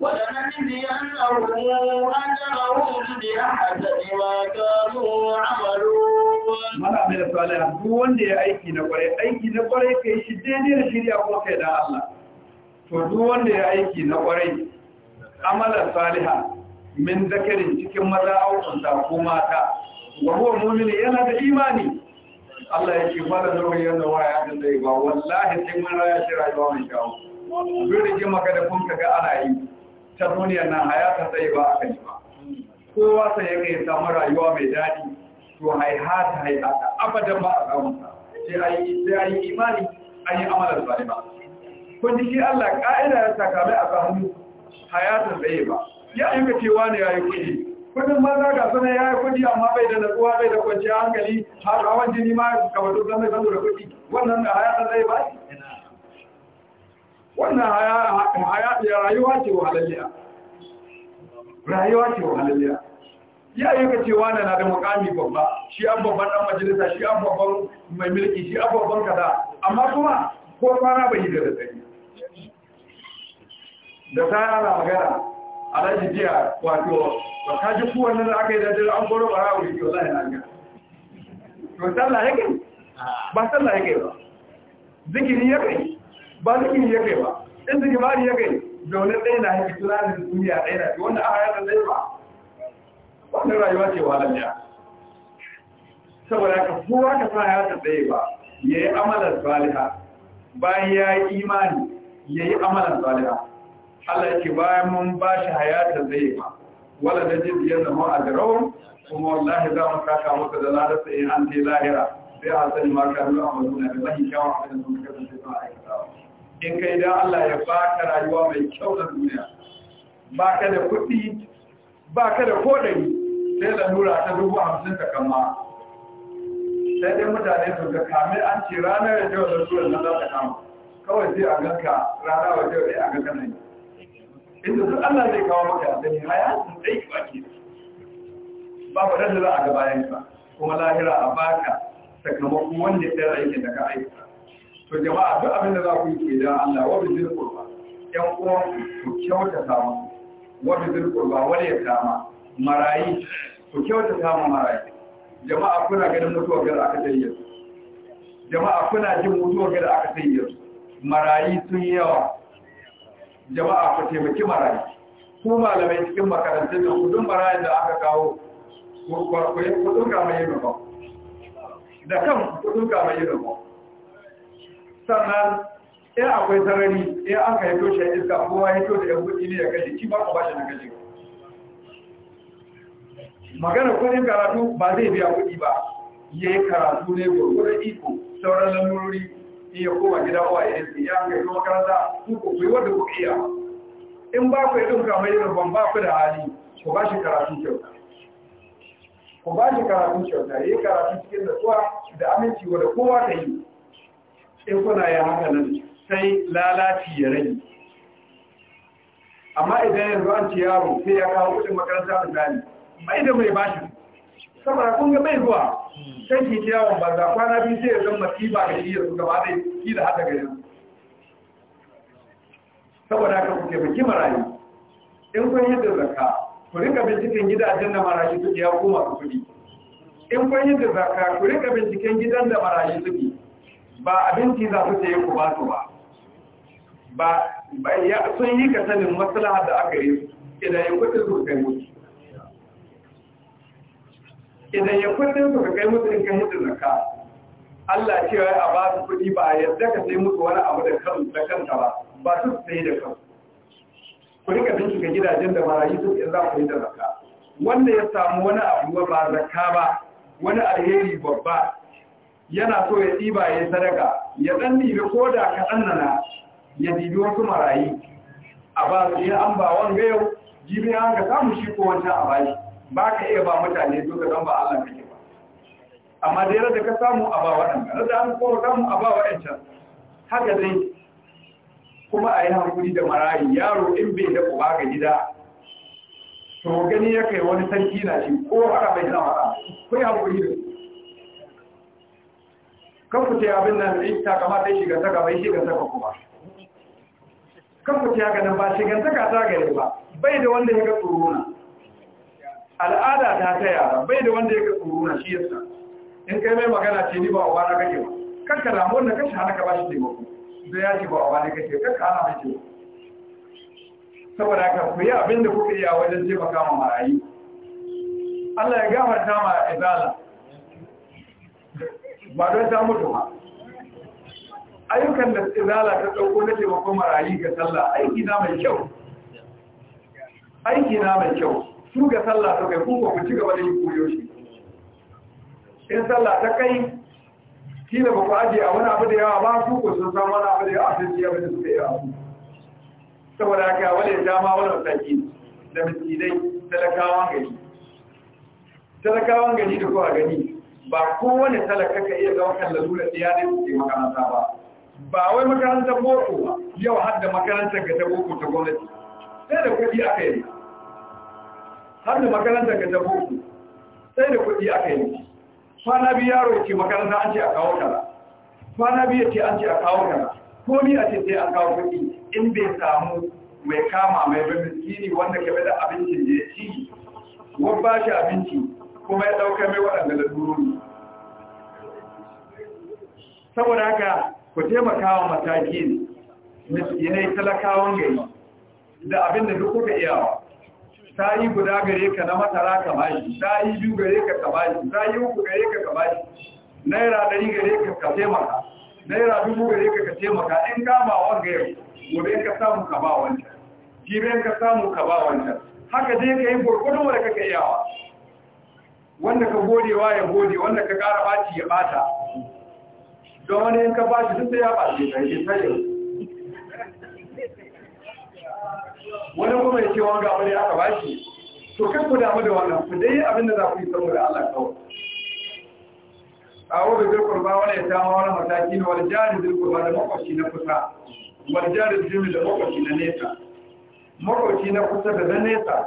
ولنجزينهم أجرهم بأحسن ما كانوا يعملون. ما من صالح دون دي أيكي نقري أيكي نقري كي شديني لشريع وكي دا الله. فدون aiki na نقري Amalar Saliha, min ذكر cikin maza au ko mata wa mumini yana da imani Allah yake fara nauyin yadda waya da dai ba wallahi sai mun raya shi rayuwa mai kyau dole ke maka da kun kaga ana yi ta duniyar nan hayata tsaye ba a kai ba kowa sai ya kai samu rayuwa mai daɗi to haihata haihata abadan ba a samunsa sai a yi imani a yi amalar ba ba ko ji shi Allah ka'ida ya mai a samu hayatar tsaye ba ya yi ka cewa ne ya yi kuɗi kudin maza ga suna ya yi kuɗi amma bai da natsuwa bai da kwanciyar hankali har hawan jini ma kamar duk zama zama da kuɗi wannan da hayatar tsaye ba wannan rayuwa ce wahalalliya rayuwa ce wahalalliya ya yi ka cewa na da mukami babba shi an babban dan majalisa shi an babban mai mulki shi an babban kada, amma kuma ko kwana bai yi da tsari da ta ana magana alhaji jiya wato ba ka ji kowanne da aka yi da dare an goro bara wuri ke wallahi na ga to sallah yake ba sallah yake ba zikiri yake ba ni ya kai ba in su gimari ya kai zaune ɗaya na haifi tunanin duniya ɗaya na fi wanda aka yadda zai ba wannan rayuwa ce walalya saboda ka kowa ka sa ya tsaye ba ya yi amalar saliha bayan ya yi imani ya yi amalar saliha Allah ke bayan mun ba shi hayata zai ba wala da jin ya zama a jirawar kuma wallahi za mu kaka maka da lalata, in an ce lahira sai a sani ma karu a mazuna da mahi kyawun abin da sun kasance sun aikatawa in kai da Allah ya baka rayuwa mai kyau na duniya ba ka da kuɗi ba ka da kodari sai da nura ta dubu hamsin ta kama sai dai mutane su ga kame an ce ranar ya jawo da suwar nan za ta kama kawai sai a ganka rana wa jawo a ganka nan inda sun Allah zai kawo maka da ni haya sun tsaye ba ke ba ba da za a ga bayan kuma lahira a baka sakamakon wanda ya tsaya aikin da ka aika to jama'a duk abin da za ku yi ke da Allah wa bi zil qurba yan uwan ku kyauta ta mu wa bi zil wani ya yatama marayi ku kyauta ta mu marayi jama'a kuna ganin mutuwar gara aka tayyar jama'a kuna jin mutuwar gara aka tayyar marayi sun yawa jama'a ku taimaki marayi ku malamai cikin makarantun da kudin marayin da aka kawo ku ɗauka mai yin da kan ku ɗauka mai yin rukun sannan in akwai sarari ya an ka hito shi a iska kowa hito da yan kudi ne ya kashe ki ba ku ba shi na kashe magana kuɗin karatu ba zai biya kuɗi ba ya yi karatu ne gwargwaron iko sauran lamurori in ya koma gida uwa ya yanzu ya an ka makaranta ku ku yi wadda ku iya in ba ku yi ɗin kamar yin ban ba ku da hali ku ba shi karatu kyauta ku ba shi karatu kyauta ya yi karatu cikin natsuwa da aminci wadda kowa ta yi in kuna ya haka nan sai lalaci ya rage amma idan yanzu an ci yaro sai ya kawo kudin makaranta da gani mai da mai bashi saboda kun ga mai zuwa sai ki ci yawon banza kwana biyu sai ya zama tiba da shi yanzu gaba ɗaya ki da haɗa gari saboda ka ku taimaki marayu in kun yi da zaka ku rika binciken gidajen da marayu suke ya koma kuɗi in kun yi da zaka ku rika binciken gidan da marayu suke ba abinci za su ce ku ba su ba ba ya sun yi ka sanin matsala da aka yi idan ya kudin su kai mutu idan ya kudin su kai mutu in ka hidda zakka Allah cewa a ba su kudi ba yadda ka sai mutu wani abu da kan da kanta ba ba su sai da kan ku rika bincika gidajen da marayu su in za ku yi da zaka wanda ya samu wani abu ba zaka ba wani alheri babba yana so ya ɗiba ya sadaka ya ɗan ɗibi ko da kaɗan nana ya ɗibi wasu marayi a ba su iya an ba wanga yau jibin an ga samun shi ko wancan a bashi ba ka iya ba mutane duka zan ba Allah kake ba amma da yadda ka samu a ba waɗanda da an koro samu a ba waɗancan haka dai kuma a yi hankuli da marayi yaro in bai da kuma ga gida to gani ya kai wani sarki na shi ko haka bai zama ba kuma yi hankuli da su kan ku ce abin nan ita kama ta shiga saka bai shiga saka kuma kan ku ce haka nan ba shiga saka ta gare ba bai da wanda ya ga tsorona al'ada ta ta yara bai da wanda ya ga tsorona shi yasa in kai mai magana ce ni ba uba na kake ba kanka damu wannan kashi hana ka ba shi taimako da ya ce ba uba ne kake kanka hana mai taimako saboda ka ku yi abin da kuka iya wajen taimaka ma marayu Allah ya gafarta ma izala ba don ta mutu ba ayyukan da izala ta ɗauko na taimakon marayi ga sallah aiki na mai kyau aiki na mai kyau su ga sallah ta kai kuma ku ci gaba da yi koyo shi in sallah ta kai shi ba ku ajiye a wani abu da yawa ba su ko sun samu wani abu da yawa sun ci wani da suka yi a saboda haka wani dama wani mataki da miskinai talakawan gani talakawan gani da kowa gani ba kowane talaka ka iya zama kan lalura ɗaya ne ke makaranta ba ba wai makarantar boko ba yau har da makarantar ga ta boko ta gwamnati sai da kuɗi aka yi har da makarantar ga ta boko sai da kuɗi aka yi kwana biyu yaro ce makaranta an ce a kawo kara kwana biyu ce an ce a kawo kara ko ni a ce sai an kawo kuɗi in bai samu mai kama mai bambin wanda ke da abincin da ya ci wani ba shi abinci kuma ya ɗauka mai waɗanda da turuni saboda haka ku taimaka wa matakin miskinai talakawan gari da abin da duk kuka iyawa ta yi guda gare ka na matara ka bashi ta yi biyu gare ka ka bashi ta yi uku gare ka ka bashi naira ɗari gare ka ka taimaka naira dubu gare ka ka taimaka in kama wanga yau gobe ka samu ka ba wancan jibe ka samu ka ba wancan haka dai ka yi gurgudun wadda kaka iyawa wanda ka wa ya gode wanda ka kara baci ya bata don wani in ka baci duk da ya baci da yake sai wani kuma ya ce gaba ne aka baci to kai ku damu da wannan ku dai abin da za ku yi da Allah kawai a wadda zai kurba wani ya samu wani mataki na wani jari zai kurba da makwaci na kusa wani jari zai da makwaci na nesa makwaci na kusa da na nesa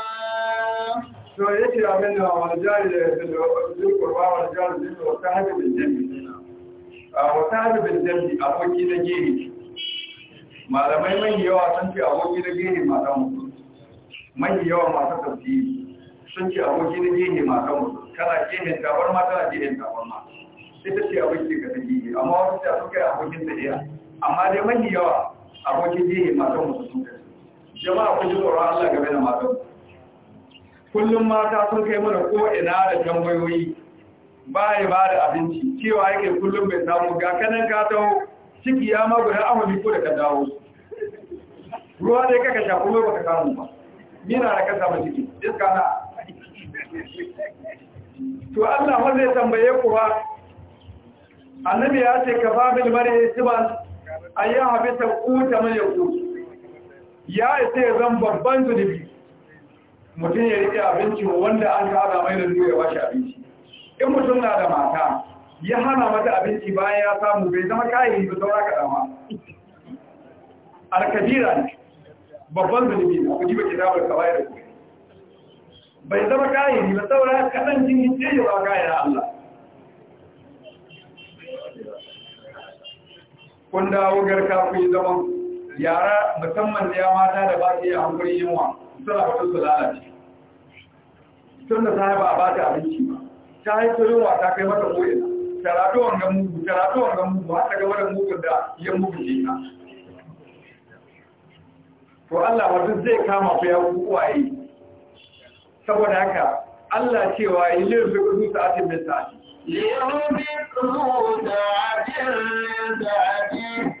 to yake abin da waljari da jari, waljari zulkurwa wata haka bin jami wata haka bin jami aboki na gini malamai mai yawa sun ce aboki na gini matan mutu mai yawa masu tafi sun ce aboki na gini matan mutu kana gehen tabar ma tana gehen tabar ma ita ce aboki ga ta gini amma wasu ta suka yi abokin ta iya amma dai mai yawa abokin gini matan mutu sun ce, jama'a kun ji tsoron Allah game da matan mutu kullum mata sun kai mana ko ina da tambayoyi ba ya ba da abinci cewa yake kullum bai samu ga kanan ka taho ciki ya ma guda amali ko da ka dawo ruwa dai kaka shafa mai baka samu ba na da ka samu ciki iska na to Allah wanda ya tambaye ku ba annabi ya ce ka fa bil mari siban ayya habita quta mai ku ya ce zan babban zunubi mutum ya rike abinci wanda an hana mai da ya washe abinci in mutum na da mata ya hana mata abinci bayan ya samu bai zama kayayi ba saura ka dama alkabira ne babban zunubi na kuji ba kitabar ka kawai da bai zama kayayi ba saura kaɗan jini ce ya ba kayan Allah kun dawo garka ku yi zaman yara musamman da ya mata da ba a yi hankulin yunwa suna wasu su lalace tun da sahiba a ba ta abinci ba ta haifa yunwa ta kai mata koyina karatu wanga mugu karatu wanga mugu ta daga wani mugun da ya mugu ne ka to Allah wato zai kama ku ya kuwaye saboda haka Allah cewa yi a cikin sa'atin min sa'ati lil da ajiyar da sa'ati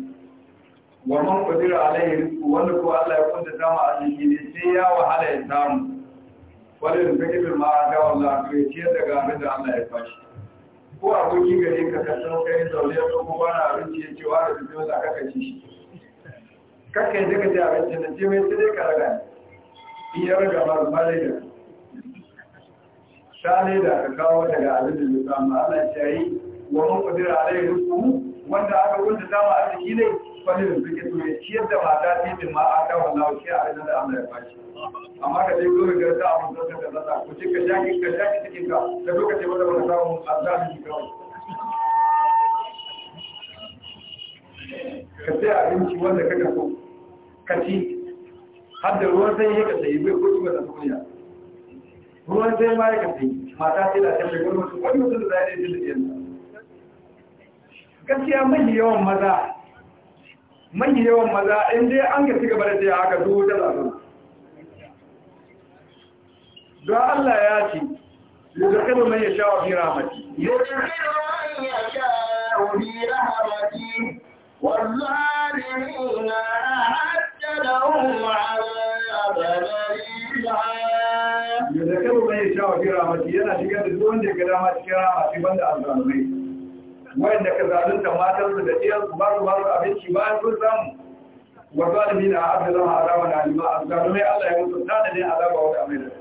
wa man qadira alaihi rizqu wanda ko Allah ya kunta dama a cikin ne sai ya wahala ya samu wanda da kake bil ma'ada wallahi to ya ciyar daga abin da Allah ya fashi ko aboki gare ka ka san kai zaune ya kuma na abinci ya ce wa da bidiyo da aka ci shi kakka yi daga da abinci na ce mai sai ka raga in ya raga ma ba da ya da ka kawo daga abin da ya samu Allah ya yi wa man qadira alaihi rizqu wanda aka kunta dama a cikin ne wani da suke so ya ciyar da mata titin ma a kawo lawa shi a rinar da Allah ya bashi amma ka dai gori garta a mun zarta da zata ku ce ka shaki ka shaki cikin ka da lokaci wanda ba ka samu azabi ki kawai ka sai abinci wanda kaka so ka ci har da ruwan sanyi ka sayi bai ko tuba da tukunya ruwan sanyi ma ya ka sayi mata ce da ta shigar mutum wani mutum da zai da yanzu gaskiya mai yawan maza mai yawan maza inda an ga cigaba da jiya aka zuwa da zafi da Allah ya ce da zaka da mai yasha wa fi rahamati ya ce da mai yasha wa fi rahamati wallahi na hajja da umma ya zaka da mai yasha wa fi rahamati yana shiga da zuwan da ya gada masu kira a cikin da alzalmai wayanda ka zalunta matarsu da ɗiyansu ba su ba su abinci bayan sun samu wa zalimin a abdullahi azaba na alima a mai Allah ya mutu da ne azaba wa da amina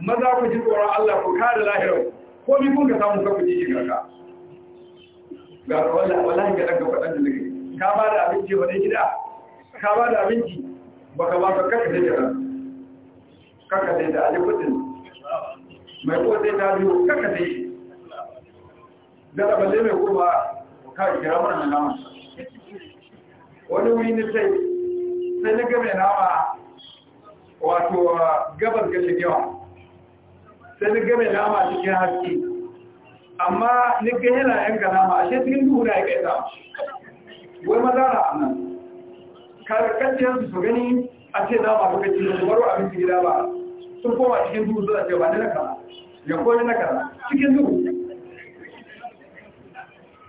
maza ku ji tsoron Allah ku kare lahirar ko bi kun ka samu ka ku ji shigarka ga wallahi wallahi ga daga faɗan da nake ka ba da abinci wa gida ka ba da abinci ka ba ka kaka da jira kaka da da alikudin mai ko sai ta biyo kaka da shi daga balle mai kurba ka kira mana nama wani wuri ne sai sai na game nama wato gabas ga shigewa sai na game nama a cikin haske amma ni ga yana yan ga nama ashe cikin duhu na ya kai ta wai maza na annan karkaciyar su gani a ce nama ba kai cikin baro abinci gida ba sun koma cikin duhu zuwa ce ba ni na kama, ya koyi na kama cikin duhu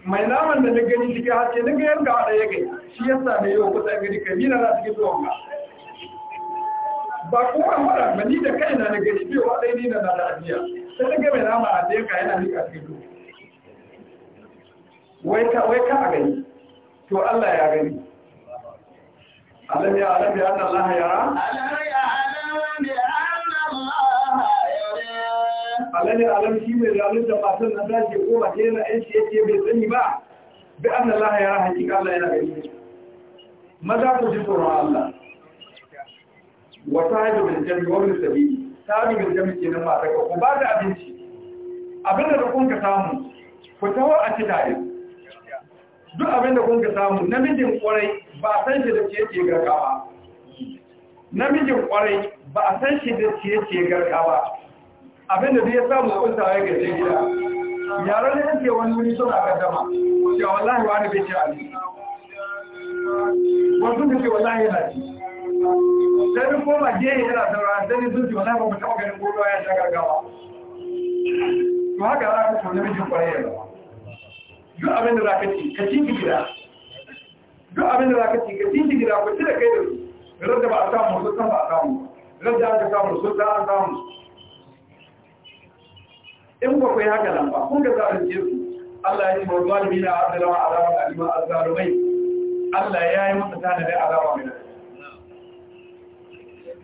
mai naman da na gani shi ya ce na ga yadda haɗa ya gai shi ya sami yau kusa gani kabila na cikin zuwan ba ba kuma mara ba ni da kai na na gani biyu waɗai ni na da ajiya sai na gami na nama a ɗaya ka yana nika cikin zuwa wai ka a gani to Allah ya gani alam ya alam ya Allah ya ra alani alam shi mai da matan na dace ko ba yana yan shi yake bai sani ba bi an Allah ya raha hakika Allah yana gani maza ku ji tsoron Allah wa sahibi bil jami wa bil sabili sahibi bil jami kenan mata ka ku ba da abinci abin da kun ka samu ku tawo a ci tare duk abin da kun ka samu namijin kwarai ba san shi da ce yake garka ba namijin kwarai ba a san shi da ciye-ciye garka ba abinda zai ya samu kunta ya gaje gida yaron da yake wani wuri suna gaddama cewa wallahi wani bai ce ali wasu da ke wallahi yana ci sai duk koma gehe yana saura sai ne sun ce wallahi ba mu taɓa ganin gobe ya sha gargawa to haka za ka tona mijin kwarai yanzu duk abinda za ka ci ka ci gida duk abinda za ka ci ka ci gida ku ci da kai da su rarraba a samu sun san ba a samu rarraba a samu sun san a samu in ba ku yi haka nan ba kun ga zalunce su Allah ya ce wa zalimi na azalama azaba alima azalumai Allah ya yi masa tanadi azaba mai a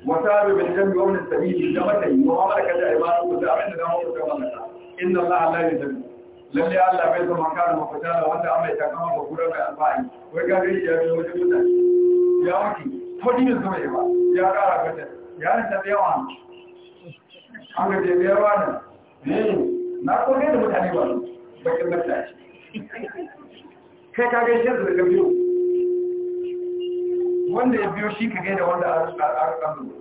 وتابع بالجنب ومن السبيل لمتي ومالك العباد وتعمل دعوه كما ان الله لا يذل lalle Allah bai zama kare mafita wanda an mai takama ba gura mai alfahari wai ga gari ya biyo wajen mutane ya wuce Ko ne zama ba ya kara gata ya rinta tsayawa an gaje tsayawa ne na kome da mutane ba su bakin mata shi kai ka gaishe su daga biyu wanda ya biyo shi ka da wanda a rikamu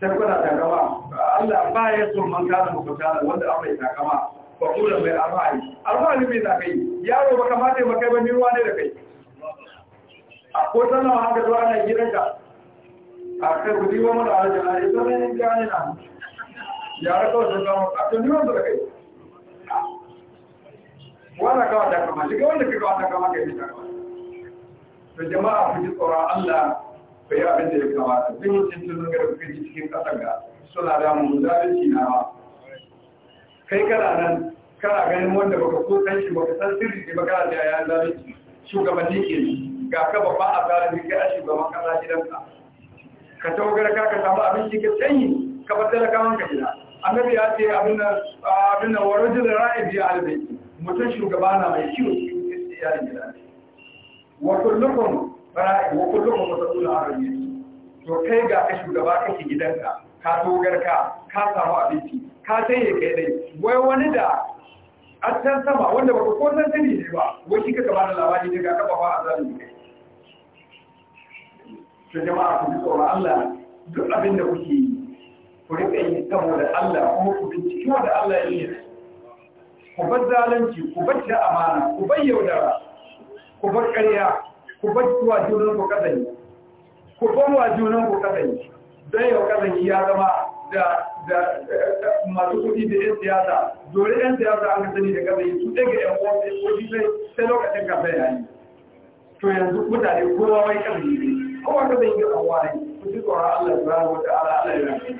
sai kuna takama Allah ba ya so man da mukuta da wanda an bai takama ba kula mai alfahari alfahari mai za kai yaro ba kamata ya makai ba ni ruwa ne da kai a ko sallama haka zuwa na gidanka a kai ku diwa mana a rajin a ita gane na yara kawai da samun ƙasar niman da kai wanda kawai da kama shiga wanda ka kawai kama ka yi ta kama to jama'a fi ji tsoron allah ku yi abin da ya kamata duk yin tuntun ga da kuka cikin ƙasar ga suna damun zalunci na ba kai kana nan kana ganin wanda baka ko san shi baka san sirri ne baka da ya zalunci shugabanni ke ga ka babban a zalunci kai a shugaban kasa gidanka ka tawagar ka ka samu abinci ka sanyi ka bar talakawan ka gida annabi ya ce abin da warajin ra'ayi ya albai mutum shugaba na mai kiwo cikin kristi ya gida wa kullukum ra'ayi wa kullukum masalul arabi to kai ga ka shugaba kake gidanka ka dogar ka ka samu abinci ka tanye kai dai wai wani da a can sama wanda baka ko san sani ne ba wai shi ka bada labari ne ga kafa ba a zalimi kai to jama'a ku ji tsoron Allah duk abin da kuke yi ku rika yi saboda Allah kuma ku binciki wanda Allah ya yi ku bar zalunci ku bar da amana ku bar yaudara ku bar ƙarya ku bar wa junan ku kazani ku bar wa junan ku kazani don yau kazani ya zama da da masu kuɗi da 'yan siyasa dole 'yan siyasa an sani da kazani su ɗaga 'yan uwan kuɗi sai sai lokacin kafa ya yi to yanzu mutane kowa wai kazani ne kowa kazani ga ɗan wani ku ji tsoron Allah subhanahu wa ta'ala Allah ya rabu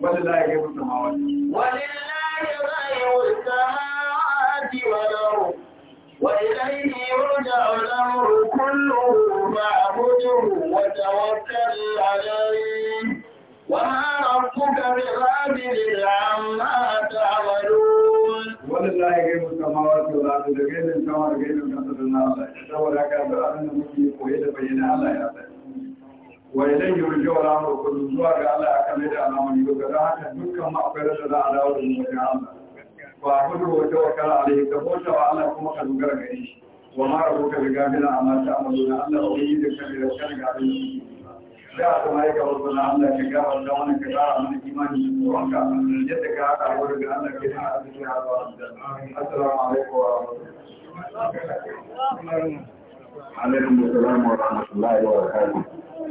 ولله غيب السماوات ولله غيب السماوات والأرض وإليه يرجع الأمر كله فاعبده وتوكل عليه وما ربك بغافل عما تعملون ولله غيب السماوات والأرض غيب السماوات غيب الأرض الله يتولى كبر أن المسلم ويتبين الله يا wa idan yurja wa lamar kudu zuwa ga Allah aka mai da alamar yau ga haka dukkan ma'akwai da za a dawo da mutum Allah ba kudu wa tawakkal Alayhi ka bota wa Allah kuma ka dogara gare shi wa ma rabuka riga gafila amma ta amalu na Allah wa yi da kan da kan ga abin da ta mai ga wasu na Allah ka ga wannan wannan ka tsara mana imani da tsoronka yadda ka haka wa daga Allah ke da arziki a zuwa assalamu alaikum wa rahmatullahi alaikum assalam wa rahmatullahi wa barakatuh